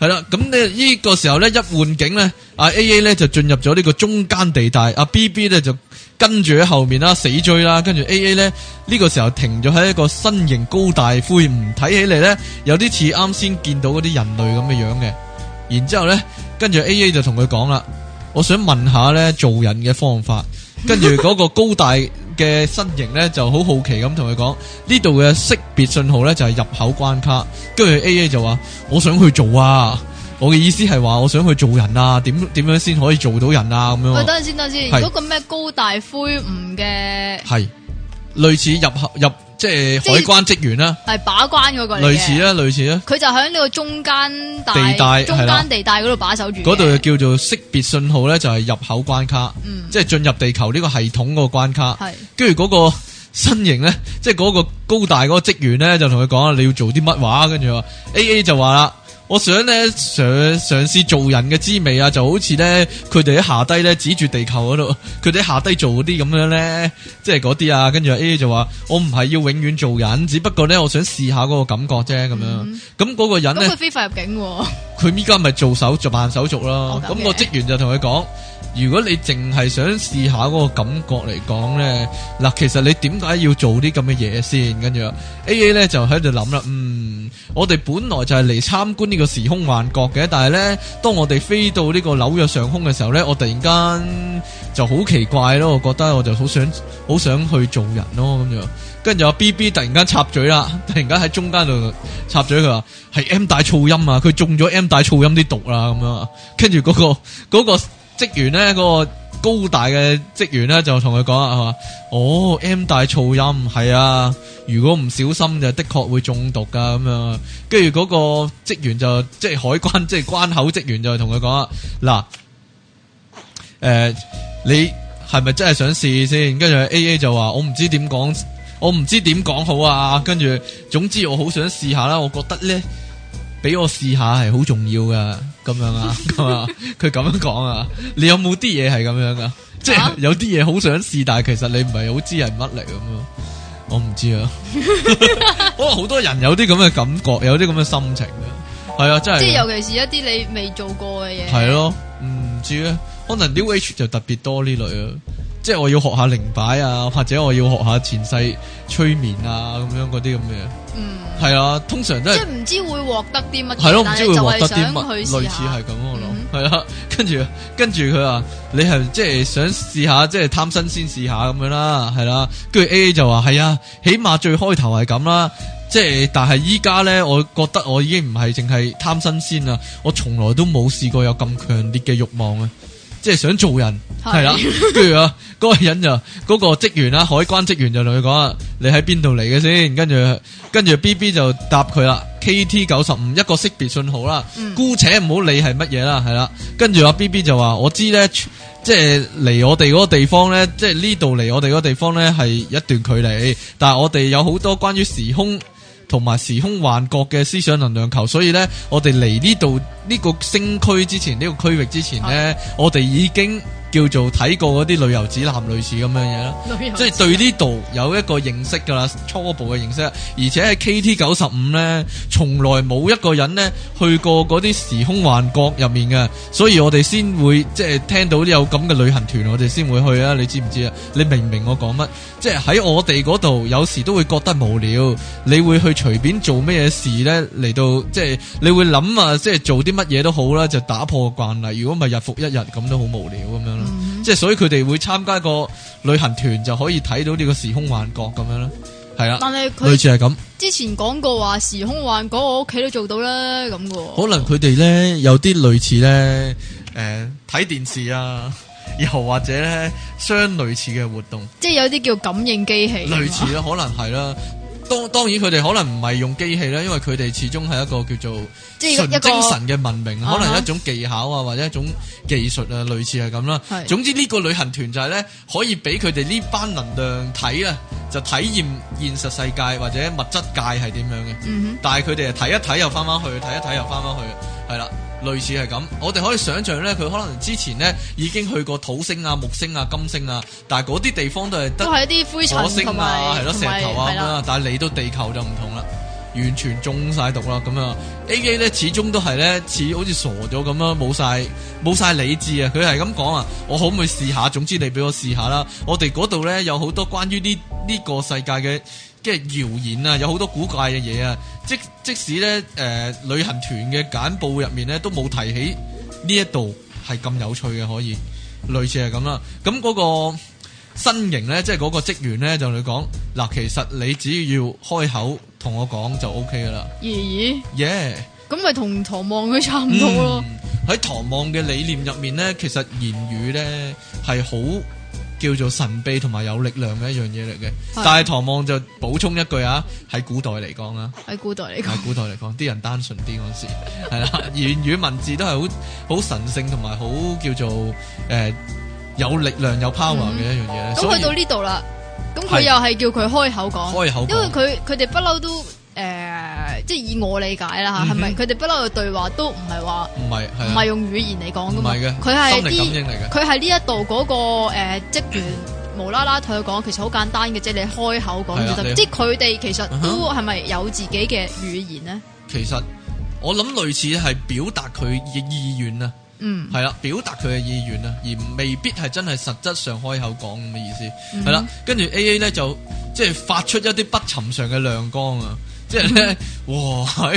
係啦。咁咧呢個時候咧一換景咧，阿 A A 咧就進入咗呢個中間地帶，阿 B B 咧就。跟住喺後面啦，死追啦，跟住 A A 呢，呢、呢個時候停咗喺一個身形高大魁梧，睇起嚟，呢，有啲似啱先見到嗰啲人類咁嘅樣嘅。然之後呢，跟住 A A 就同佢講啦，我想問下呢做人嘅方法。跟住嗰個高大嘅身形呢，就好好奇咁同佢講，呢度嘅識別信號呢，就係、係、入口關卡。跟住 A A 就話，我想去做啊。我嘅意思係話，我想去做人啊，點點樣先可以做到人啊咁樣啊。喂，等陣先，等陣先。如果個咩高大魁梧嘅係類似入入，入即係海關職員啦，係把關嗰個類似啦，類似啦。佢就喺呢個中間地帶，中間地帶嗰度把守住。嗰度就叫做識別信號咧，就係、是、入口關卡，嗯、即係進入地球呢個系統個關卡。係跟住嗰個身形咧，即係嗰個高大嗰個職員咧，就同佢講啊，你要做啲乜話？跟住話 A A 就話啦。我想咧嘗嘗試做人嘅滋味啊，就好似咧佢哋喺下低咧指住地球嗰度，佢哋喺下低做嗰啲咁樣咧，即係嗰啲啊，跟住 A 就話我唔係要永遠做人，只不過咧我想試下嗰個感覺啫，咁、嗯、樣。咁、那、嗰個人咧，佢非法入境、啊。佢依家咪做手續、辦手續咯。咁個職員就同佢講。如果你淨係想試下嗰個感覺嚟講咧，嗱其實你點解要做啲咁嘅嘢先？跟住 A A 咧就喺度諗啦，嗯，我哋本來就係嚟參觀呢個時空幻覺嘅，但係咧當我哋飛到呢個紐約上空嘅時候咧，我突然間就好奇怪咯，我覺得我就好想好想去做人咯咁樣。跟住就 B B 突然間插嘴啦，突然間喺中間度插嘴佢話：係 M 大噪音啊，佢中咗 M 大噪音啲毒啦咁樣。跟住嗰個嗰個，那個職員呢嗰、個高大嘅職員呢，就同佢講啦，係嘛？哦，M 大噪音係啊，如果唔小心就的確會中毒噶咁樣。跟住嗰個職員就即係海關即係關口職員就同佢講啦，嗱，誒、呃，你係咪真係想試先？跟住 A A 就話我唔知點講，我唔知點講好啊。跟住總之我好想試下啦，我覺得呢。俾我試下係好重要噶，咁樣啊，咁啊，佢咁樣講啊，你有冇啲嘢係咁樣噶、啊？即係有啲嘢好想試，但係其實你唔係好知係乜嚟咁咯。我唔知啊，可 能好多人有啲咁嘅感覺，有啲咁嘅心情啊。係啊，即係即係，尤其是一啲你未做過嘅嘢。係咯，唔、嗯、知啊。可能 New Age 就特別多呢類啊。即係我要學下靈擺啊，或者我要學下前世催眠啊，咁樣嗰啲咁嘅。嗯，係啊，通常都係即係唔知會獲得啲乜，係咯的，唔知會獲得啲乜，類似係咁我諗，係啊、嗯哼，跟住跟住佢話你係即係想試下，即係貪新鮮試下咁樣啦，係啦，跟住 A 就話係啊，起碼最開頭係咁啦，即係但係依家咧，我覺得我已經唔係淨係貪新鮮啦，我從來都冇試過有咁強烈嘅欲望啊。即係想做人，係啦是，跟住啊，嗰 個人就嗰、嗰個職員啦，海關職員就同佢講啊，你喺邊度嚟嘅先？跟住，跟住 B B 就答佢啦，K T 九十五一個識別信號啦，嗯、姑且唔好理係乜嘢啦，係啦。跟住阿 B B 就話我知咧，即係離我哋嗰個地方咧，即係呢度離我哋嗰個地方咧係一段距離，但係我哋有好多關於時空。同埋時空幻覺嘅思想能量球，所以呢，我哋嚟呢度呢個星區之前呢，呢個區域之前呢，oh. 我哋已經叫做睇過嗰啲旅遊指南類似咁樣嘢啦， 即係對呢度有一個認識噶啦，初步嘅認識，而且喺 KT 九十五咧，從來冇一個人咧去過嗰啲時空幻覺入面嘅，所以我哋先會即係聽到啲有咁嘅旅行團，我哋先會去啊！你知唔知啊？你明唔明我講乜？即係喺我哋嗰度，有時都會覺得無聊，你會去隨便做咩嘢事咧？嚟到即係你會諗啊，即係做啲乜嘢都好啦，就打破慣例。如果唔係日復一日咁，都好無聊咁樣。即係、嗯、所以佢哋會參加個旅行團，就可以睇到呢個時空幻覺咁樣啦，係啦，但係類似係咁。之前講過話時空幻覺，我屋企都做到啦咁噶。可能佢哋咧有啲類似咧，誒、呃，睇電視啊，又或者咧，相類似嘅活動。即係有啲叫感應機器，類似啦，可能係啦。 當當然佢哋可能唔係用機器啦，因為佢哋始終係一個叫做純精神嘅文明，個可能係一種技巧啊，uh huh. 或者一種技術啊，類似係咁啦。是總之呢個旅行團就係呢，可以俾佢哋呢班能量體啊，就體驗現實世界或者物質界係點樣嘅。Mm hmm. 但係佢哋啊睇一睇又翻翻去，睇一睇又翻翻去，係啦。類似係咁，我哋可以想象咧，佢可能之前咧已經去過土星啊、木星啊、金星啊，但係嗰啲地方都係得，係一啲灰塵啊、係咯、石頭啊咁啊，但係嚟到地球就唔同啦，完全中晒毒啦，咁啊，A A 咧始終都係咧似好似傻咗咁咯，冇晒冇晒理智啊，佢係咁講啊，我可唔可以試下？總之你俾我試下啦，我哋嗰度咧有好多關於呢呢個世界嘅。即係謠言啊，有好多古怪嘅嘢啊！即即使咧，誒、呃，旅行團嘅簡報入面咧，都冇提起呢一度係咁有趣嘅，可以類似係咁啦。咁嗰個身形咧，即係嗰個職員咧，就同你講，嗱，其實你只要開口同我講就 O K 噶啦。咦、欸？耶 Yeah.、嗯！咁咪同唐望佢差唔多咯。喺唐望嘅理念入面咧，其實言語咧係好，叫做神秘同埋有力量嘅一樣嘢嚟嘅，的但係唐望就補充一句啊，喺古代嚟講啊，喺古代嚟講，喺古代嚟講，啲 人單純啲嗰時，係啦， 言語文字都係好好神聖同埋好叫做誒、呃、有力量有 power 嘅一樣嘢。咁、嗯、以去到呢度啦，咁佢又係叫佢開口講，開口，因為佢佢哋不嬲都。誒，即係以我理解啦吓，係咪佢哋不嬲嘅對話都唔係話唔係唔係用語言嚟講噶嘛？佢係佢係呢一度嗰個誒職員無啦啦同佢講，其實好簡單嘅啫，你開口講啫。即係佢哋其實都係咪有自己嘅語言呢？其實我諗類似係表達佢嘅意願啊，係啦，表達佢嘅意願啊，而未必係真係實質上開口講咁嘅意思。係啦，跟住 A A 咧就即係發出一啲不尋常嘅亮光啊！即係咧，哇！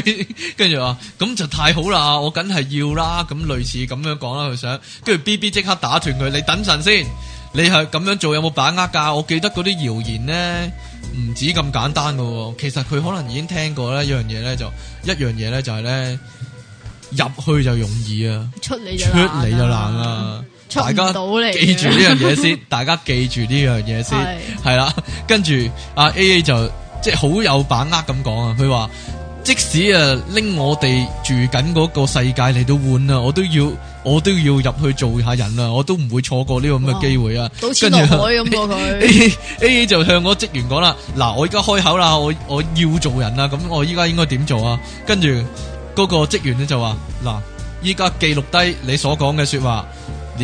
跟住話咁就太好啦，我梗係要啦。咁類似咁樣講啦，佢想。跟住 B B 即刻打斷佢，你等陣先。你係咁樣做有冇把握噶？我記得嗰啲謠言咧，唔止咁簡單噶。其實佢可能已經聽過咧，一樣嘢咧就一樣嘢咧就係咧入去就容易啊，出嚟就難，出嚟就難啦。大家記住呢樣嘢先，大家記住呢樣嘢先，係啦。跟住阿 A A 就。即係好有把握咁講啊！佢話即使啊拎我哋住緊嗰個世界嚟，到換啊，我都要我都要入去做下人啊，我都唔會錯過呢個咁嘅機會啊！賭錢落海咁個佢 A A 就向個職員講啦，嗱、啊、我而家開口啦，我我要做人啦，咁我依家應該點做啊？跟住嗰個職員咧就話嗱，依、啊、家記錄低你所講嘅說話。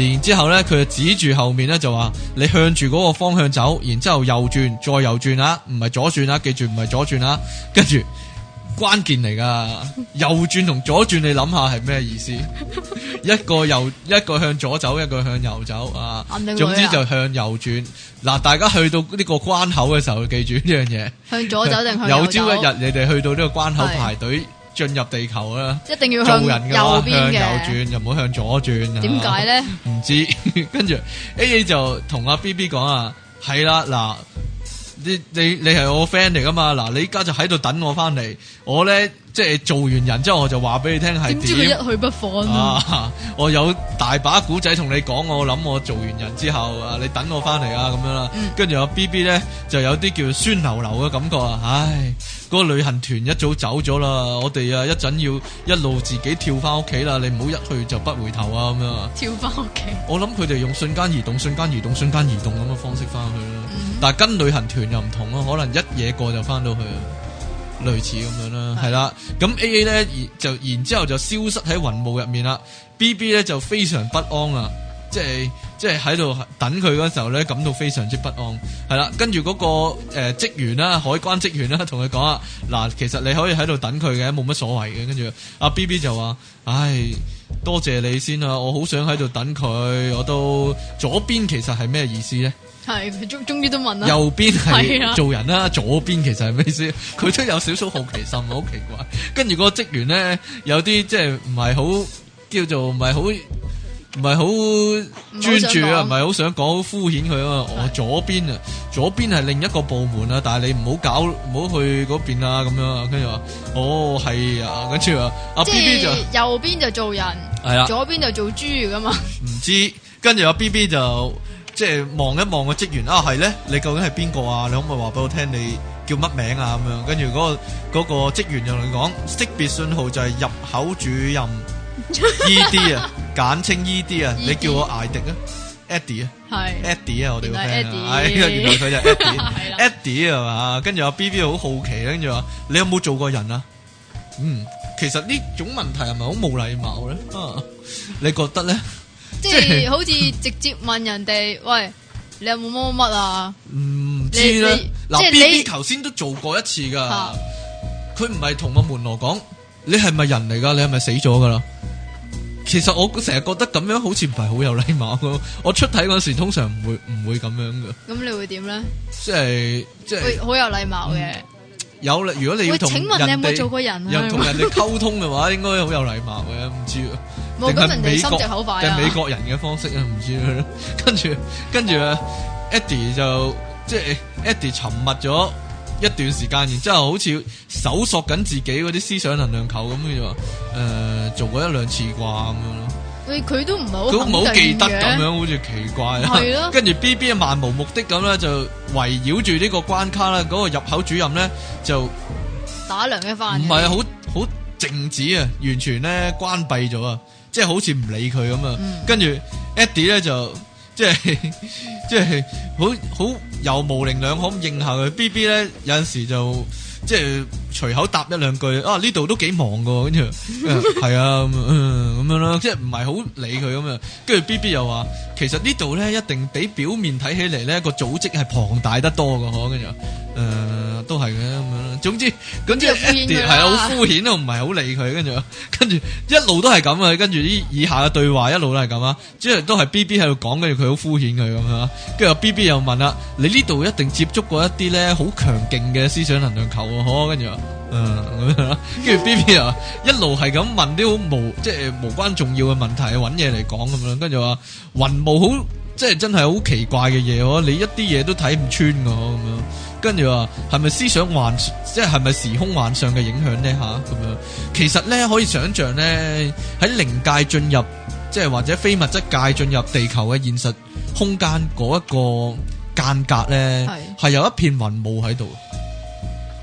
然之後呢，佢就指住後面呢，就話：你向住嗰個方向走，然之後右轉，再右轉啦，唔係左轉啦，記住唔係左轉啦。跟住關鍵嚟噶，右轉同左轉，你諗下係咩意思？ 一個右，一個向左走，一個向右走啊。 總之就向右轉。嗱，大家去到呢個關口嘅時候，記住呢樣嘢。向左走定向右走？有朝一日你哋去到呢個關口排隊。進入地球啊，一定要向人右邊向右轉，又唔好向左轉。點解咧？唔 知道。 AA 跟住 A A 就同阿 B B 講啊，係 啦，嗱，你你你係我 friend 嚟噶嘛？嗱，你依家就喺度等我翻嚟， 我咧即係做完人之後，我就話俾你聽係點？知佢一去不返啊！我有大把古仔同你講，我諗我做完人之後，誒， 你等我翻嚟啊，咁樣啦。跟住阿 B B 咧就有啲叫酸流流嘅感覺啊，唉。個旅行團一早走咗啦，我哋啊一陣要一路自己跳翻屋企啦，你唔好一去就不回頭啊咁樣。跳翻屋企，我諗佢哋用瞬間移動、瞬間移動、瞬間移動咁嘅方式翻去咯。嗯、哼但係跟旅行團又唔同咯，可能一夜過就翻到去，類似咁樣啦。係啦的，咁 A A 咧就然之後就消失喺雲霧入面啦，B B 咧就非常不安啊。即係即係喺度等佢嗰時候咧，感到非常之不安。係啦，跟住嗰個誒職、呃、員啦，海關職員啦，同佢講啊，嗱，其實你可以喺度等佢嘅，冇乜所謂嘅。跟住阿、啊、B B 就話，唉，多謝你先啊，我好想喺度等佢。我都左邊其實係咩意思咧？係，終終於都問啦。右邊係做人啦、啊，啊、左邊其實係咩意思？佢都有少少好奇心，好 奇怪。跟住嗰個職員咧，有啲即係唔係好叫做唔係好。唔係好專注啊，唔係好想講敷衍佢啊。我左邊啊，左邊係另一個部門啊，但係你唔好搞，唔好去嗰邊啊，咁樣。跟住話，哦係啊，跟住話阿 B B 就，係啊、BB 就右邊就做人，係啊，左邊就做豬噶嘛。唔知，跟住阿 B B 就即係望一望個職員啊，係咧，你究竟係邊個啊？你可唔可以話俾我聽你，你叫乜名啊？咁樣、嗰個，跟住嗰個嗰個職員就嚟講，識別信號就係入口主任。E.D. 啊，簡稱 E.D. 啊，你叫我艾迪啊，Eddie 啊，係 Eddie 啊，我哋個 friend 啊，原來佢就 Eddie，Eddie 係嘛？跟住阿 B.B. 好好奇，跟住話，你有冇做過人啊？嗯，其實呢種問題係咪好冇禮貌咧？你覺得咧？即係好似直接問人哋喂，你有冇乜乜啊？唔知啦，嗱，BB 頭先都做過一次噶，佢唔係同個門羅講，你係咪人嚟？噶？你係咪死咗噶啦？其實我成日覺得咁樣好似唔係好有禮貌咯。我出體嗰時通常唔會唔會咁樣噶。咁你會點咧？即係即係好有禮貌嘅、嗯。有啦，如果你要同請問你有冇做過人、啊，人同人哋溝通嘅話，應該好有禮貌嘅。唔知啊，人哋心直口快。定係美國嘅美國人嘅方式啊？唔知 跟住跟住啊 Eddie 就即係 Eddie 沉默咗。一段時間，然之後好似搜索緊自己嗰啲思想能量球咁，佢就話，誒，做過一兩次啩，咁樣咯。佢佢都唔係好記得咁、啊、樣，好似奇怪。係咯、啊。跟住 B B 漫無目的咁咧，就圍繞住呢個關卡啦。嗰、那個入口主任咧就打量一番。唔係啊，好好靜止啊，完全咧關閉咗啊，即、就、係、是、好似唔理佢咁啊。跟住 Eddie 咧就即係即係好好又模棱兩可咁應下佢。B B 咧有陣時就即係隨口答一兩句，啊呢度都幾忙噶，跟住係啊咁、呃、樣咯，即係唔係好理佢咁樣，跟住 B B 又話其實呢度咧一定比表面睇起嚟咧個組織係龐大得多噶，可跟住誒。都係嘅咁樣咯，總之總之 Eddie 係好敷衍咯，唔係好理佢，跟住跟住一路都係咁啊，跟住啲以下嘅對話一路都係咁啊，之後都係 B B 喺度講，跟住佢好敷衍佢咁啊，跟住 B B 又問啦，你呢度一定接觸過一啲咧好強勁嘅思想能量球啊，好跟住啊，嗯跟住 B B 啊一路係咁問啲好無即係、就是、無關重要嘅問題，揾嘢嚟講咁樣，跟住話雲霧好。即係真係好奇怪嘅嘢，你一啲嘢都睇唔穿嘅咁樣。跟住話係咪思想幻，即係係咪時空幻象嘅影響呢？吓咁樣。其實呢，可以想象呢，喺靈界進入，即係或者非物質界進入地球嘅現實空間嗰一個間隔呢，係是有一片雲霧喺度。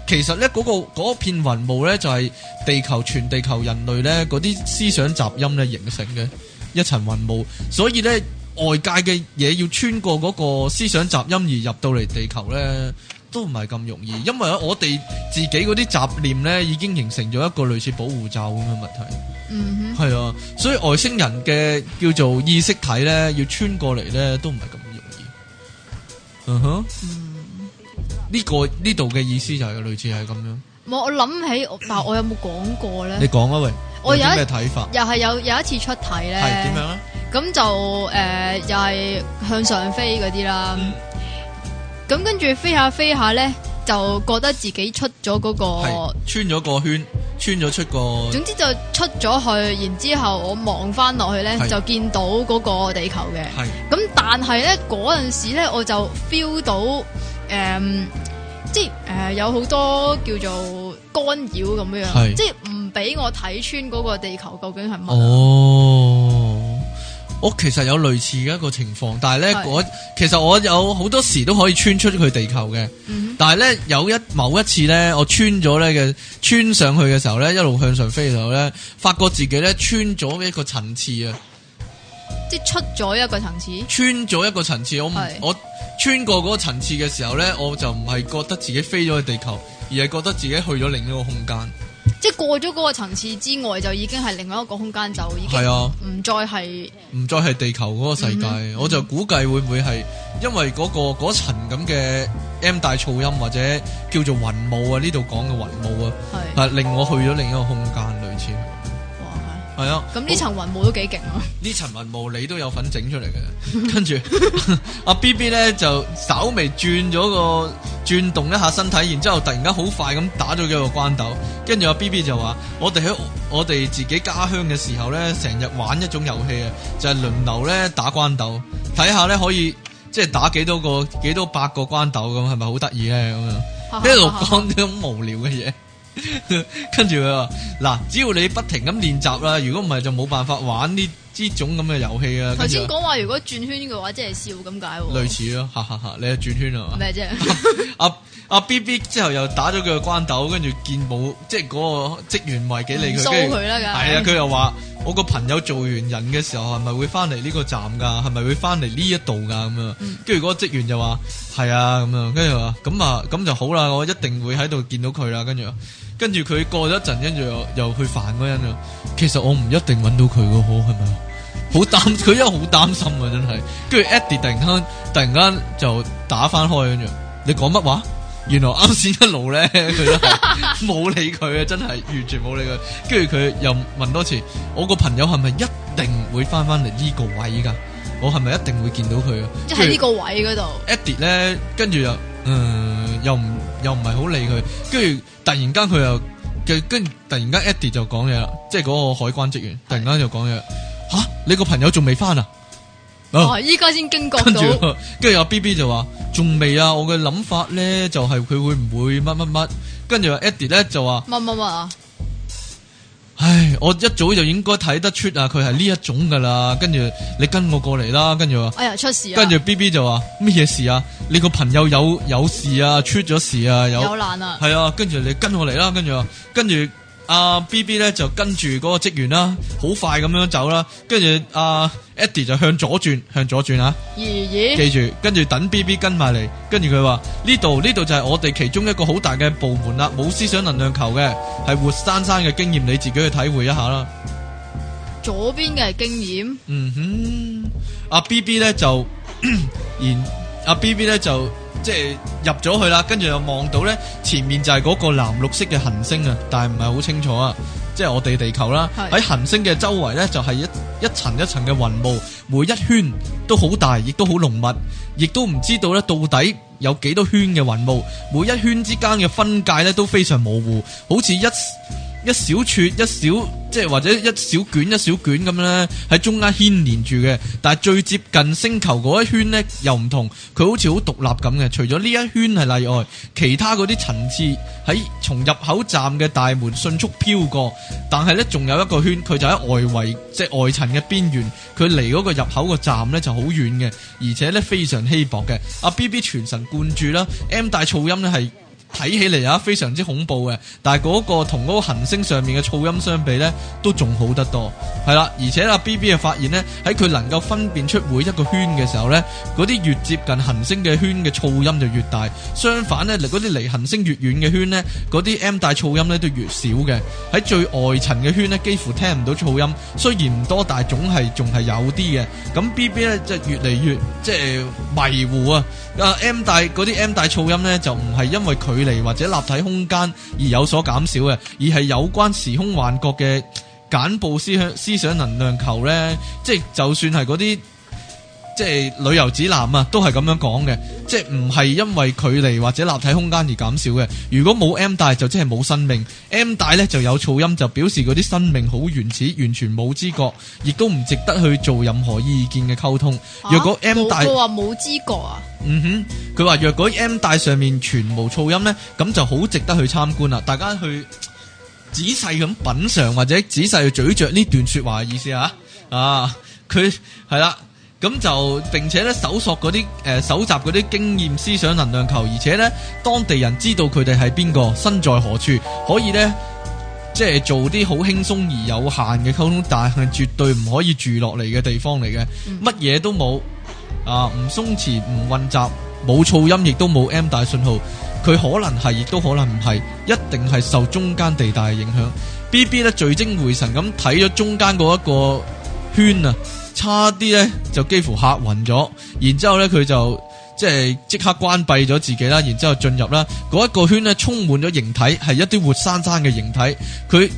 其實呢，嗰、嗰個片雲霧呢，就係、是、地球全地球人類呢嗰啲思想雜音呢形成嘅一層雲霧，所以呢。外界嘅嘢要穿過嗰個思想雜音而入到嚟地球咧，都唔係咁容易，因為我哋自己嗰啲雜念咧，已經形成咗一個類似保護罩咁嘅問題。嗯哼，係啊，所以外星人嘅叫做意識體咧，要穿過嚟咧，都唔係咁容易，嗯、uh、哼，huh. 嗯，呢、呢個呢度嘅意思就係類似係咁樣，我我諗起，但我有冇講過咧？你講啊，喂。我有一個睇法，又係有有一次出體咧，係點樣？咁就誒、呃、又係向上飛嗰啲啦。咁、嗯、跟住飛下飛下咧，就覺得自己出咗嗰、嗰個，穿咗個圈，穿咗出個。總之就出咗去，然之後我望翻落去咧，是就見到嗰個地球嘅。咁是但係咧嗰陣時咧，我就 feel 到誒。嗯即誒、呃，有好多叫做干擾咁樣，是即係唔俾我睇穿嗰個地球究竟係乜、哦？哦，我其實有類似嘅一個情況，但係咧是其實我有好多時都可以穿出去地球嘅。嗯、哼但係咧有一某一次咧，我穿咗咧嘅穿上去嘅時候咧，一路向上飛嘅時候咧，發覺自己咧穿咗一個層次啊。即出咗一個層次，穿咗一個層次，我唔是我穿過嗰個層次嘅時候咧，我就唔係覺得自己飛咗去地球，而係覺得自己去咗另一個空間，即過咗嗰個層次之外，就已經係另外一個空間，就已經唔、係啊、唔再係唔再係地球嗰個世界。嗯嗯、我就估計會唔會係因為嗰、嗰個嗰層咁嘅 M 大噪音或者叫做雲霧啊，呢度講嘅雲霧啊，係是令我去咗另一個空間，類似。係啊，咁呢層雲霧都幾勁啊！呢層雲霧你都有份整出嚟嘅。 跟住阿 B B 咧就稍微轉咗個轉動一下身體，然之後突然間好快咁打咗幾個關斗，跟住阿 B B 就話：我哋喺我哋自己家鄉嘅時候咧，成日玩一種遊戲啊，就係、是、輪流咧打關斗，睇下咧可以即係、就是、打幾多個幾多百個關斗咁，係咪好得意咧？咁啊，一路講啲咁無聊嘅嘢。跟住佢話嗱，只要你不停咁練習啦，如果唔係就冇辦法玩呢之種咁嘅遊戲啦。頭先講話如果轉圈嘅話，即係笑咁解類似咯，哈哈，哈哈！你又轉圈啦？咩啫？阿阿 B B 之後又打咗佢個關斗，跟住見冇，即係嗰個職員唔係幾理佢，騷擾佢啦，梗係啊！佢又話我個朋友做完人嘅時候，係咪會翻嚟呢個站噶？係咪會翻嚟呢一度噶？咁啊，跟住嗰個職員就話係啊，咁樣跟住話咁啊，咁就好啦，我一定會喺度見到佢啦。跟住。跟住佢過咗一陣，跟住又又去煩嗰陣啊！其實我唔一定揾到佢嘅，好係咪好擔心，佢因為好擔心啊，真係。跟住 Eddie 突然間，突然間就打翻開。跟住，你講乜話？原來啱先一路咧，佢 都係冇理佢啊！真係完全冇理佢。跟住佢又問多次：我個朋友係咪一定會翻翻嚟呢個位㗎？我係咪一定會見到佢啊？即係呢個位嗰度。Eddie 咧，跟住又，嗯，又唔又唔係好理佢。跟住突然間佢又，跟跟突然間 Eddie 就講嘢啦，即係嗰個海關職員是突然間就講嘢。吓、啊，你個朋友仲未翻啊？哦，依家先經過到。跟住阿 B B 就話仲未啊，我嘅諗法咧就係佢會唔會乜乜乜？跟住阿 Eddie 咧就話乜乜乜啊？唉，我一早就應該睇得出啊，佢係呢一種噶啦，跟住你跟我過嚟啦，跟住話，哎呀，出事，跟住 BB 就話乜嘢事啊？你個朋友有有事啊？出咗事啊？有有難啊！係啊，跟住你跟我嚟啦，跟住話，跟住。阿 B B 咧就跟住嗰個職員啦，好快咁樣走啦，跟住阿、啊、Eddie 就向左轉，向左轉啊！爺爺，記住，跟住等 B B 跟埋嚟，跟住佢話呢度，呢度就係我哋其中一個好大嘅部門啦，冇思想能量球嘅，係活生生嘅經驗，你自己去體會一下啦。左邊嘅係經驗。嗯哼，阿、啊、B B 咧就然。阿 B B 咧就即係入咗去啦，跟住又望到咧，前面就係嗰個藍綠色嘅行星啊，但係唔係好清楚啊，即係我哋地球啦。喺是行星嘅周圍咧就係、是、一一層一層嘅雲霧，每一圈都好大，亦都好濃密，亦都唔知道咧到底有幾多圈嘅雲霧，每一圈之間嘅分界咧都非常模糊，好似一一小撮，一小即係或者一小卷，一小卷咁樣咧，喺中間牽連住嘅。但係最接近星球嗰一圈呢，又唔同，佢好似好獨立咁嘅。除咗呢一圈係例外，其他嗰啲層次喺從入口站嘅大門迅速飄過。但係呢，仲有一個圈，佢就喺外圍，即係外層嘅邊緣。佢離嗰個入口個站呢，就好遠嘅，而且呢，非常稀薄嘅。阿、啊、B B 全神貫注啦，M 大噪音呢係。睇起嚟啊，非常之恐怖嘅，但係嗰個同嗰個行星上面嘅噪音相比咧，都仲好得多，係啦。而且阿 B B 啊發現咧，喺佢能夠分辨出每一個圈嘅時候咧，嗰啲越接近行星嘅圈嘅噪音就越大，相反咧，嗰啲離行星越遠嘅圈咧，嗰啲 M 帶噪音咧都越少嘅。喺最外層嘅圈咧，幾乎聽唔到噪音，雖然唔多，但係總係仲係有啲嘅。咁 B B 咧，即係越嚟越即係迷糊啊！啊！M 大嗰啲 M 大噪音咧，就唔係因為距離或者立體空間而有所減少嘅，而係有關時空幻覺嘅簡報思想思想能量球咧，即係就算係嗰啲。即係旅遊指南啊，都係咁樣講嘅即係唔係因為距離或者立體空間而減少嘅。如果冇 M 帶就即係冇生命，M 帶呢就有噪音，就表示嗰啲生命好原始，完全冇知覺，亦都唔值得去做任何意見嘅溝通。啊、若果 M 帶佢話冇知覺啊，嗯哼，佢話若果 M 帶上面全無噪音呢，咁就好值得去參觀啦。大家去仔細咁品嘗或者仔細咀嚼呢段說話嘅意思啊，啊，佢係啦。咁就並且咧，搜索嗰啲誒，搜集嗰啲經驗思想能量球，而且咧，當地人知道佢哋係邊個，身在何處，可以咧，即係做啲好輕鬆而有限嘅溝通，但係絕對唔可以住落嚟嘅地方嚟嘅，乜嘢都冇，啊，唔鬆弛，唔混雜，冇噪音，亦都冇 M 帶信號，佢可能係，亦都可能唔係，一定係受中間地帶嘅影響。B B 咧聚精迴神咁睇咗中間嗰一個圈啊！差啲咧就幾乎嚇暈咗，然之後咧佢就、就是、即係即刻關閉咗自己啦，然之後進入啦嗰一個圈咧充滿咗形體，係一啲活生生嘅形體，佢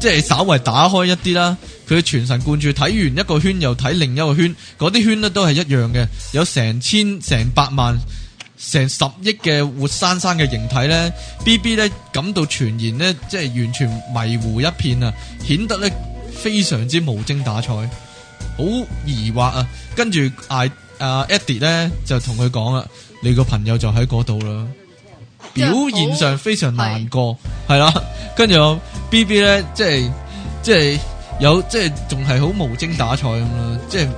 即係稍微打開一啲啦，佢全神貫注睇完一個圈又睇另一個圈，嗰啲圈呢，都係一樣嘅，有成千成百萬成十億嘅活生生嘅形體咧，B B 咧感到全然咧即係完全迷糊一片啊，顯得咧非常之無精打采。好疑惑啊！跟住阿阿 Eddie 咧就同佢講啦，你個朋友就喺嗰度啦。表現上非常難過，係啦、啊係啊。跟住 B B 咧，即係即係有即係仲係好無精打采咁咯。即係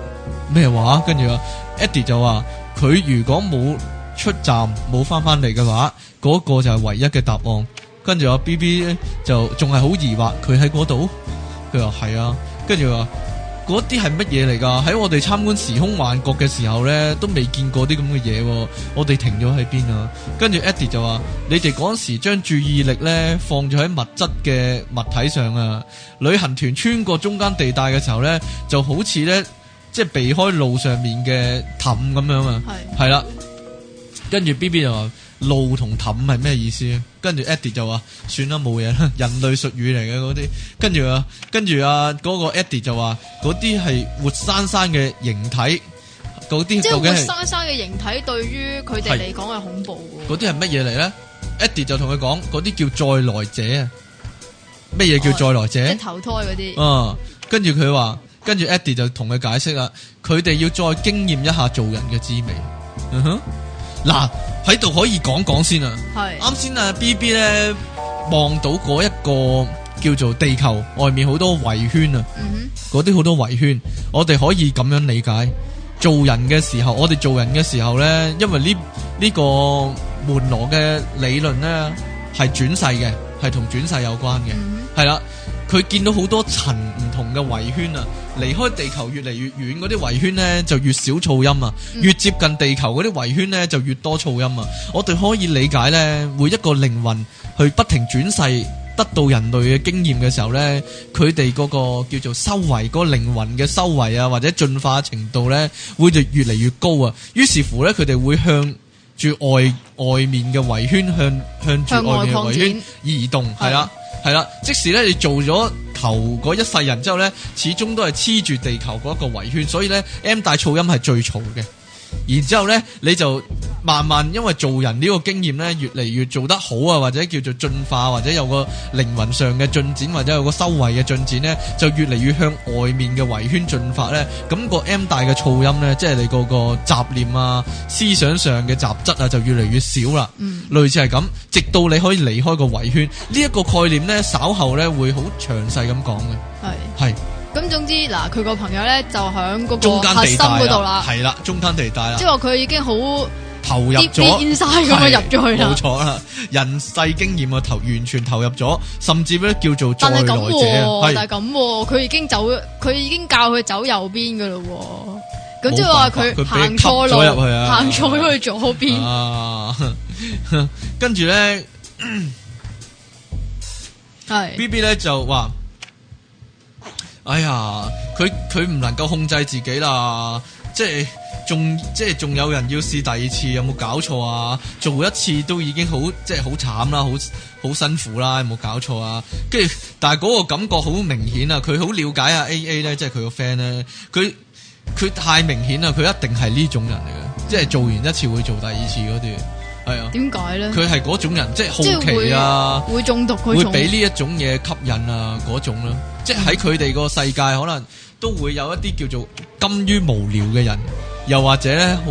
咩話、啊、話？跟住阿 Eddie 就話佢如果冇出站冇翻翻嚟嘅話，嗰個就係唯一嘅答案。跟住阿 B B 咧就仲係好疑惑，佢喺嗰度。佢話係啊，跟住話。嗰啲係乜嘢嚟噶？喺我哋參觀時空幻覺嘅時候咧，都未見過啲咁嘅嘢。我哋停咗喺邊啊？跟住 Eddie 就話： 你哋嗰時將注意力咧放咗喺物質嘅物體上啊。旅行團穿過中間地帶嘅時候咧，就好似咧即係避開路上面嘅氹咁樣啊。係係啦，跟住 B B 就話。露同氹係咩意思？跟住 Eddie 就話：算啦，冇嘢啦，人類術語嚟嘅嗰啲。跟住啊，跟住啊，嗰、嗰個 Eddie 就話：嗰啲係活生生嘅形體，嗰啲即係活生生嘅形體，對於佢哋嚟講係恐怖。嗰啲係乜嘢嚟咧？Eddie 就同佢講：嗰啲叫再來者啊！咩嘢叫再來者？即、啊就係、投胎嗰啲。嗯，跟住佢話，跟住 Eddie 就同佢解釋啦，佢哋要再經驗一下做人嘅滋味。嗯、哼。嗱，喺度可以講講先是啊！啱先啊，B B 咧望到嗰一個叫做地球外面好多圍圈啊，嗰啲好多圍圈，我哋可以咁樣理解，做人嘅時候，我哋做人嘅時候咧，因為呢呢、這個門羅嘅理論咧係轉世嘅，係同轉世有關嘅，係、嗯、哼啦。佢見到好多層唔同嘅圍圈啊！離開地球越嚟越遠，嗰啲圍圈呢，就越少噪音啊；嗯、越接近地球嗰啲圍圈呢，就越多噪音啊！我哋可以理解呢，每一個靈魂去不停轉世，得到人類嘅經驗嘅時候呢，佢哋嗰個叫做修為，嗰、那個、靈魂嘅修為啊，或者進化程度呢，會就越嚟越高啊！於是乎呢，佢哋會向住外外面嘅圍圈向向住外面嘅圍圈移動，係啦。嗯係啦，即使咧你做咗球一世人之後咧，始終都係黐住地球一個圍圈，所以咧 M 大噪音係最嘈嘅。然之後咧，你就慢慢因為做人呢個經驗呢，越嚟越做得好啊，或者叫做進化，或者有個靈魂上嘅進展，或者有個修為嘅進展呢，就越嚟越向外面嘅圍圈進發呢。咁個 M 大嘅噪音呢，即係你個個雜念啊、思想上嘅雜質啊，就越嚟越少啦。嗯，類似係咁，直到你可以離開個圍圈呢一個概念呢，稍後呢會好詳細咁講嘅。係係是。總之，嗱，佢個朋友咧就喺嗰個核心嗰度啦，係啦，中間地帶啦。即係話佢已經好投入晒係咁入咗是去。冇錯啦，人世經驗啊，投，完全投入咗，甚至咧叫做再來者。係，但係咁，啊，佢是、啊、已經走，佢已經教佢走右邊噶啦。咁即係話佢行錯路，行錯咗去，啊，錯左邊。啊、 跟住咧，係 B B 咧就話。哎呀，佢佢唔能夠控制自己啦，即係仲即係仲有人要試第二次，有冇搞錯啊？做一次都已經好即係好慘啦，好好辛苦啦，有冇搞錯啊？跟住，但係嗰個感覺好明顯啊，佢好了解啊，A A 咧，即係佢個 friend 咧，佢佢太明顯啦，佢一定係呢種人嚟嘅，嗯、即係做完一次會做第二次嗰啲，係、哎、啊。點解咧？佢係嗰種人，即係好奇啊，會，會中毒，會俾呢一種嘢吸引啊，嗰種咯。即係喺佢哋個世界，可能都會有一啲叫做甘於無聊嘅人，又或者咧好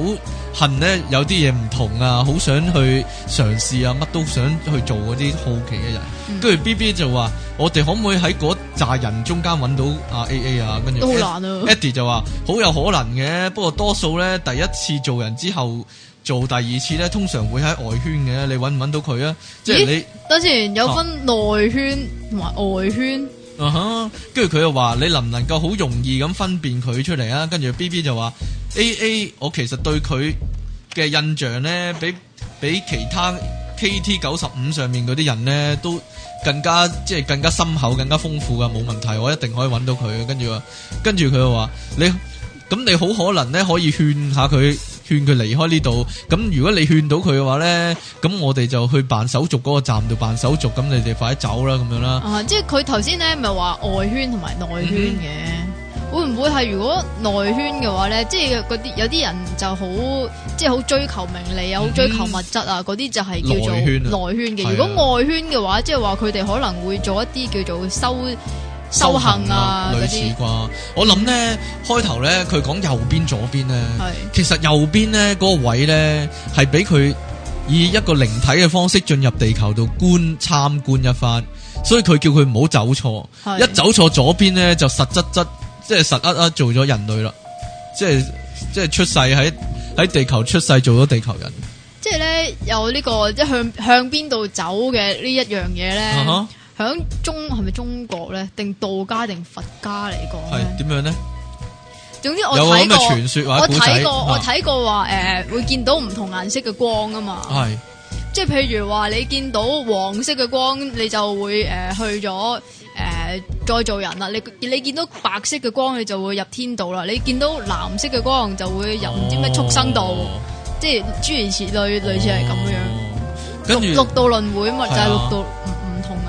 恨咧有啲嘢唔同啊，好想去嘗試啊，乜都想去做嗰啲好奇嘅人。跟住 B B 就話：我哋可唔可以喺嗰扎人中間揾到啊 A A 啊？跟住都好難啊 Eddie 就話：好有可能嘅，不過多數咧第一次做人之後做第二次咧，通常會喺外圈嘅。你揾唔揾到佢啊？即係你，之前有分內圈同埋外圈。啊哈！跟住佢又話你能唔能夠好容易咁分辨佢出嚟啊？跟住 B B 就話 A A 我其實對佢嘅印象呢，比比其他 K T 九十五上面嗰啲人呢，都更加即係更加深厚、更加豐富嘅，冇問題，我一定可以揾到佢。跟住，跟住佢又話你咁，你好可能呢，可以勸下佢。勸佢離開呢度，咁如果你勸到佢嘅話咧，咁我哋就去辦手續嗰個站度辦手續，咁你哋快啲走啦，咁樣啦。啊、嗯，即係佢頭先咧，咪話外圈同埋內圈嘅，嗯、哼會唔會係如果內圈嘅話咧，嗯、哼即係啲有啲人就好，即係好追求名利啊，好、嗯、哼追求物質啊，嗰啲就係叫做內圈嘅。圈啊、如果外圈嘅話，的即係話佢哋可能會做一啲叫做收。修行啊，類似啩。嗯、我諗呢，開頭呢，佢講右邊、左邊咧，其實右邊呢嗰、嗰個位呢，係俾佢以一個靈體嘅方式進入地球度觀參觀一番。所以佢叫佢唔好走錯。是一走錯左邊呢，就實質質即係實厄厄做咗人類啦，即係即係出世喺喺地球出世做咗地球人。即係呢，有呢、呢個一、即係、向向邊度走嘅呢一樣嘢呢。Uh huh. 響中係咪中國咧？定道家定佛家嚟講咧？係，點樣咧？總之我睇過,過，我睇過，我睇過話誒，會見到唔同顏色嘅光啊嘛。係是，即係譬如話你見到黃色嘅光，你就會誒、呃、去咗誒、呃、再做人啦。你你見到白色嘅光，你就會入天道啦。你見到藍色嘅光，就會入唔知咩畜生道。哦、即係諸如此類，類似係咁樣、哦六。六道輪回嘛，就係六道、啊。六道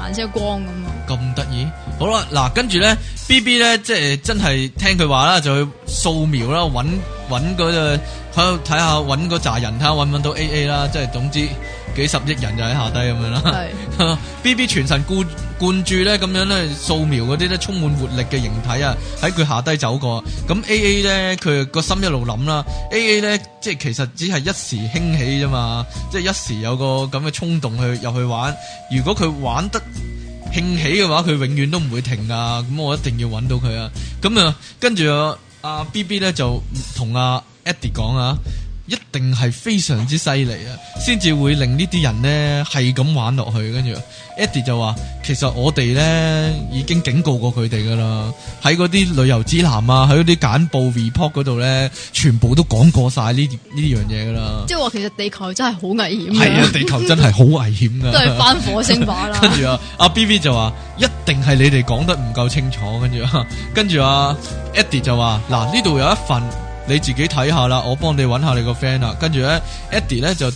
反射光咁咯，咁得意，好啦，嗱，跟住咧，B B 咧，即係真係聽佢話啦，就去掃描啦，揾揾嗰個，喺度睇下揾嗰扎人，睇下揾唔揾到 A A 啦，即係總之幾十億人就喺下低咁、嗯、樣啦，係 B B 全神孤貫住咧咁樣咧，掃描嗰啲咧充滿活力嘅形體啊，喺佢下低走過。咁 A A 咧，佢個心一路諗啦。A A 咧，即係其實只係一時興起啫嘛，即係一時有個咁嘅衝動去入去玩。如果佢玩得興起嘅話，佢永遠都唔會停啊。咁我一定要揾到佢啊。咁啊，跟住阿 B B 咧就同阿 Eddie 講啊。啊一定係非常之犀利啊，先至會令呢啲人咧係咁玩落去。跟住，Eddie 就話：，其實我哋咧已經警告過佢哋噶啦，喺嗰啲旅遊指南啊，喺嗰啲簡報 report 嗰度咧，全部都講過晒呢呢樣嘢噶啦。即係話，其實地球真係好危險。係啊，地球真係好危險噶， 都係翻火星化啦。跟住 啊，阿 B B 就話：，一定係你哋講得唔夠清楚。跟住啊，跟住啊，Eddie 就話：，嗱呢度有一份。你自己睇下啦，我幫你揾下你個 friend 啦。跟住呢 Eddie 呢就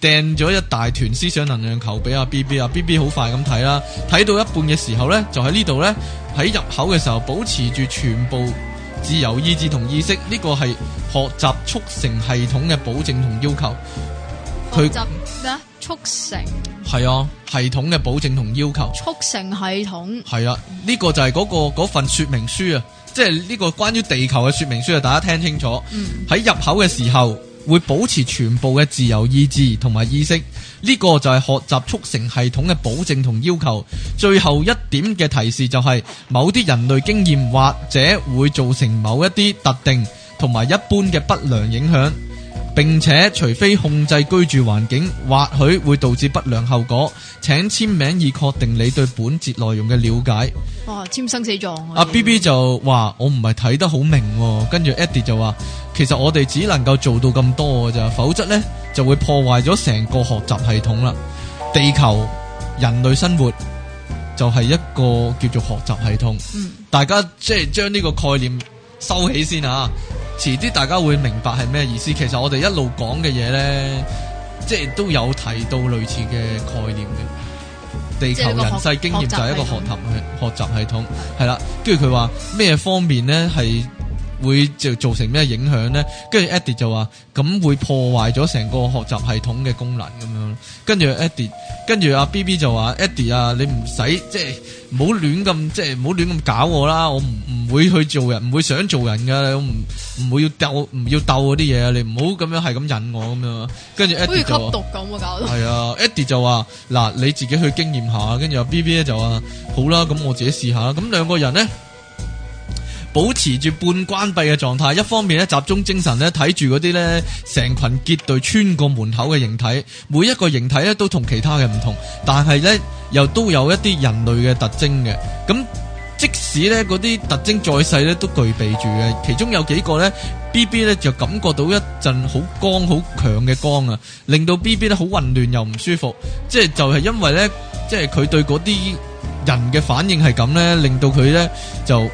掟咗一大團思想能量球俾阿 B B。阿 B B 好快咁睇啦，睇到一半嘅時候呢，就喺呢度呢，喺入口嘅時候保持住全部自由意志同意識，呢、這個係學習促成系統嘅保證同要求。佢習咩促成係啊，系統嘅保證同要求。促成系統係啊，呢、這個就係嗰、那個嗰份說明書啊。即係呢個關於地球嘅說明書啊，大家聽清楚。喺入口嘅時候會保持全部嘅自由意志同埋意識，呢、這個就係學習促成系統嘅保證同要求。最後一點嘅提示就係、是，某啲人類經驗或者會造成某一啲特定同埋一般嘅不良影響。並且，除非控制居住環境，或許會導致不良後果。請簽名以確定你對本節內容嘅了解。哇！簽生死狀。阿、啊、B B 就話：哇我唔係睇得好明、哦。跟住 Eddie 就話：其實我哋只能夠做到咁多嘅。否則呢，就會破壞咗成個學習系統啦。地球人類生活就係、是、一個叫做學習系統。嗯。大家即係將呢個概念。收起先啊，遲啲大家會明白係咩意思。其實我哋一路講嘅嘢呢，即係都有提到類似嘅概念嘅。地球人世經驗就係一個學習系學習系統，係啦。跟住佢話咩方面呢？係？會就造成咩影響咧？跟住 Eddie 就話咁會破壞咗成個學習系統嘅功能咁樣。跟住 Eddie，跟住阿 BB 就話 Eddie 啊，Eddie, 你唔使即係唔好亂咁即係唔好亂咁搞我啦。我唔唔會去做人，唔會想做人噶。我唔唔會要斗，唔要斗嗰啲嘢啊。你唔好咁樣係咁引我咁樣。跟住 Eddie 就吸毒咁喎搞到。係啊，Eddie 就話嗱你自己去經驗下。跟住阿 BB 咧就話好啦，咁我自己試下。咁兩個人咧。保持住半關閉嘅狀態，一方面咧集中精神咧睇住嗰啲咧成群結隊穿過門口嘅形體，每一個形體咧都同其他嘅唔同，但係咧又都有一啲人類嘅特徵嘅。咁即使咧嗰啲特徵再細咧都具備住嘅，其中有幾個咧 BB 咧就感覺到一陣好光好強嘅光啊，令到 BB 咧好混亂又唔舒服，即係就係、是、因為咧即係佢對嗰啲人嘅反應係咁咧，令到佢咧就。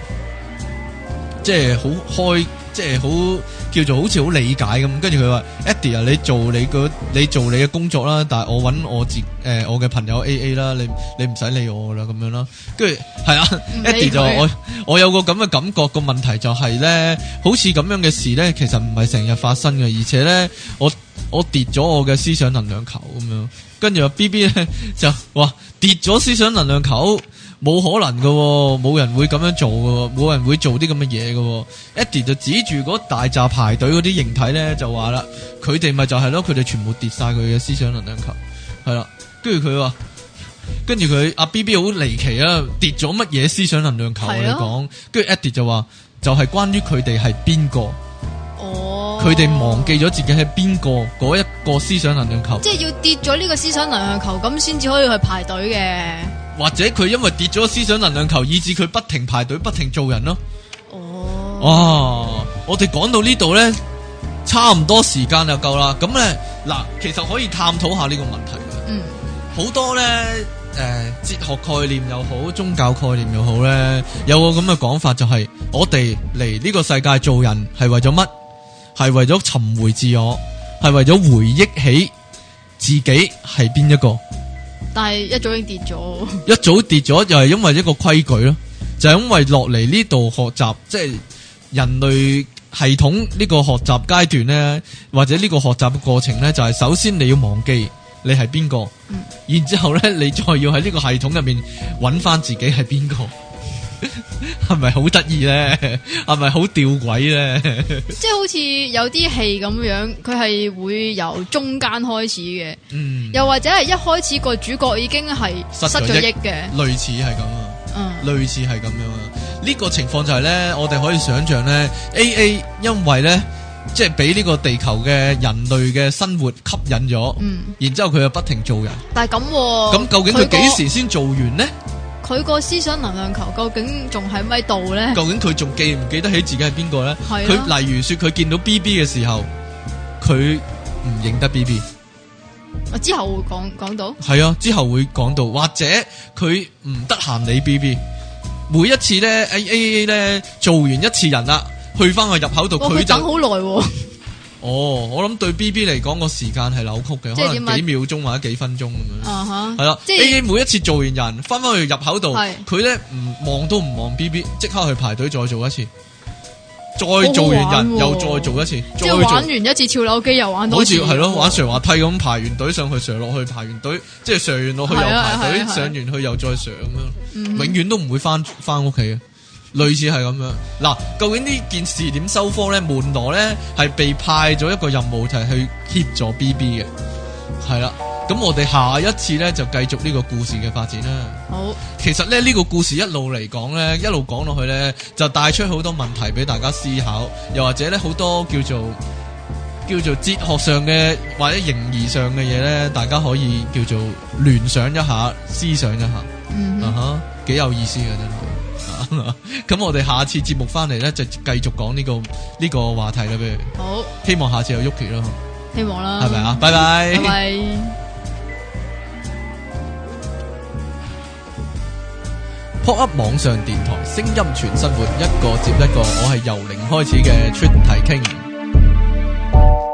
即係好開，即係好叫做好似好理解咁。跟住佢話，Eddie 啊，你做你個、呃，你做你嘅工作啦。但係我揾我自誒，我嘅朋友 A A 啦，你你唔使理我啦咁樣啦。跟住係啊，Eddie 就話我我有個咁嘅感覺。個問題就係、是、咧，好似咁樣嘅事咧，其實唔係成日發生嘅。而且咧，我我跌咗我嘅思想能量球咁樣。跟住 B B 咧就話跌咗思想能量球。冇可能嘅，冇人會咁樣做嘅，冇人會做啲咁嘅嘢嘅。Eddie 就指住嗰大紮排隊嗰啲形體咧，就話啦，佢哋咪就係咯，佢哋全部跌晒佢嘅思想能量球，係啦。跟住佢話，跟住佢阿 B B 好離奇啊，跌咗乜嘢思想能量球我哋講？跟住 Eddie 就話，就係關於佢哋係邊個，哦，佢哋忘記咗自己係邊個嗰一個思想能量球，即係要跌咗呢個思想能量球咁先至可以去排隊嘅。或者佢因為跌咗思想能量球，以致佢不停排隊、不停做人咯。哦，哦，我哋講到呢度呢，差唔多時間就夠啦。咁呢，嗱，其實可以探討下呢個問題。嗯，好、mm. 多呢，誒、呃，哲學概念又好，宗教概念又好呢，有個咁嘅講法就係、是，我哋嚟呢個世界做人係為咗乜？係為咗尋回自我，係為咗回憶起自己係邊一個？但係一早已經跌咗， 一早跌咗就係、是、因為一個規矩咯，就是、因為落嚟呢度學習，即、就、係、是、人類系統呢個學習階段呢，或者呢個學習嘅過程呢，就係、是、首先你要忘記你係邊個，嗯、然之後呢你再要喺呢個系統入面揾翻自己係邊個。係咪 好得意咧？係咪好吊詭咧？即係好似有啲戲咁樣，佢係會由中間開始嘅。嗯，又或者係一開始個主角已經係失咗憶嘅，憶類似係咁啊。嗯，類似係咁樣啊。呢、嗯呢個情況就係咧，我哋可以想象咧，A A 因為咧，即係俾呢個地球嘅人類嘅生活吸引咗。嗯，然之後佢又不停做人。但係咁、啊，咁究竟佢幾時先做完呢？佢個思想能量球究竟仲喺咪度咧？究竟佢仲記唔記得起自己係邊個咧？佢、啊、例如說佢見到 B B 嘅時候，佢唔認得 B B。啊，之後會講講到。係啊，之後會講到，或者佢唔得閒理 B B。每一次咧，A A A 咧做完一次人啦，去翻個入口度，佢哇等好耐、啊。 哦，我諗對 B B 嚟講，個時間係扭曲嘅，可能幾秒鐘或者幾分鐘咁樣。係啦，A A 每一次做完人，翻翻去，入口度，佢咧唔望都唔望 B B，即刻去排隊再做一次，再做完人又再做一次，即係玩完一次跳樓機又玩。好似係咯，玩瀡滑梯咁，排完隊上去瀡落去，排完隊即係瀡完落去又排隊上完去又再瀡咁樣，永遠都唔會翻翻屋企嘅。類似係咁樣，嗱，究竟呢件事點收科呢？門羅呢係被派咗一個任務就，就係去協助 B B 嘅，係啦。咁我哋下一次呢，就繼續呢個故事嘅發展啦。好，其實咧呢，呢個故事一路嚟講呢，一路講落去呢，就帶出好多問題俾大家思考，又或者呢，好多叫做叫做哲學上嘅或者形而上嘅嘢呢，大家可以叫做聯想一下，思想一下，嗯哼，啊哈，幾有意思嘅真。咁 我哋下次節目翻嚟呢，就繼續講呢，這個呢，這個話題啦，不如好希望下次有喐起咯，希望啦，係咪啊？拜拜，拜 bye。Pop Up 網上電台，聲音全生活，一個接一個，我係由零開始嘅出體傾。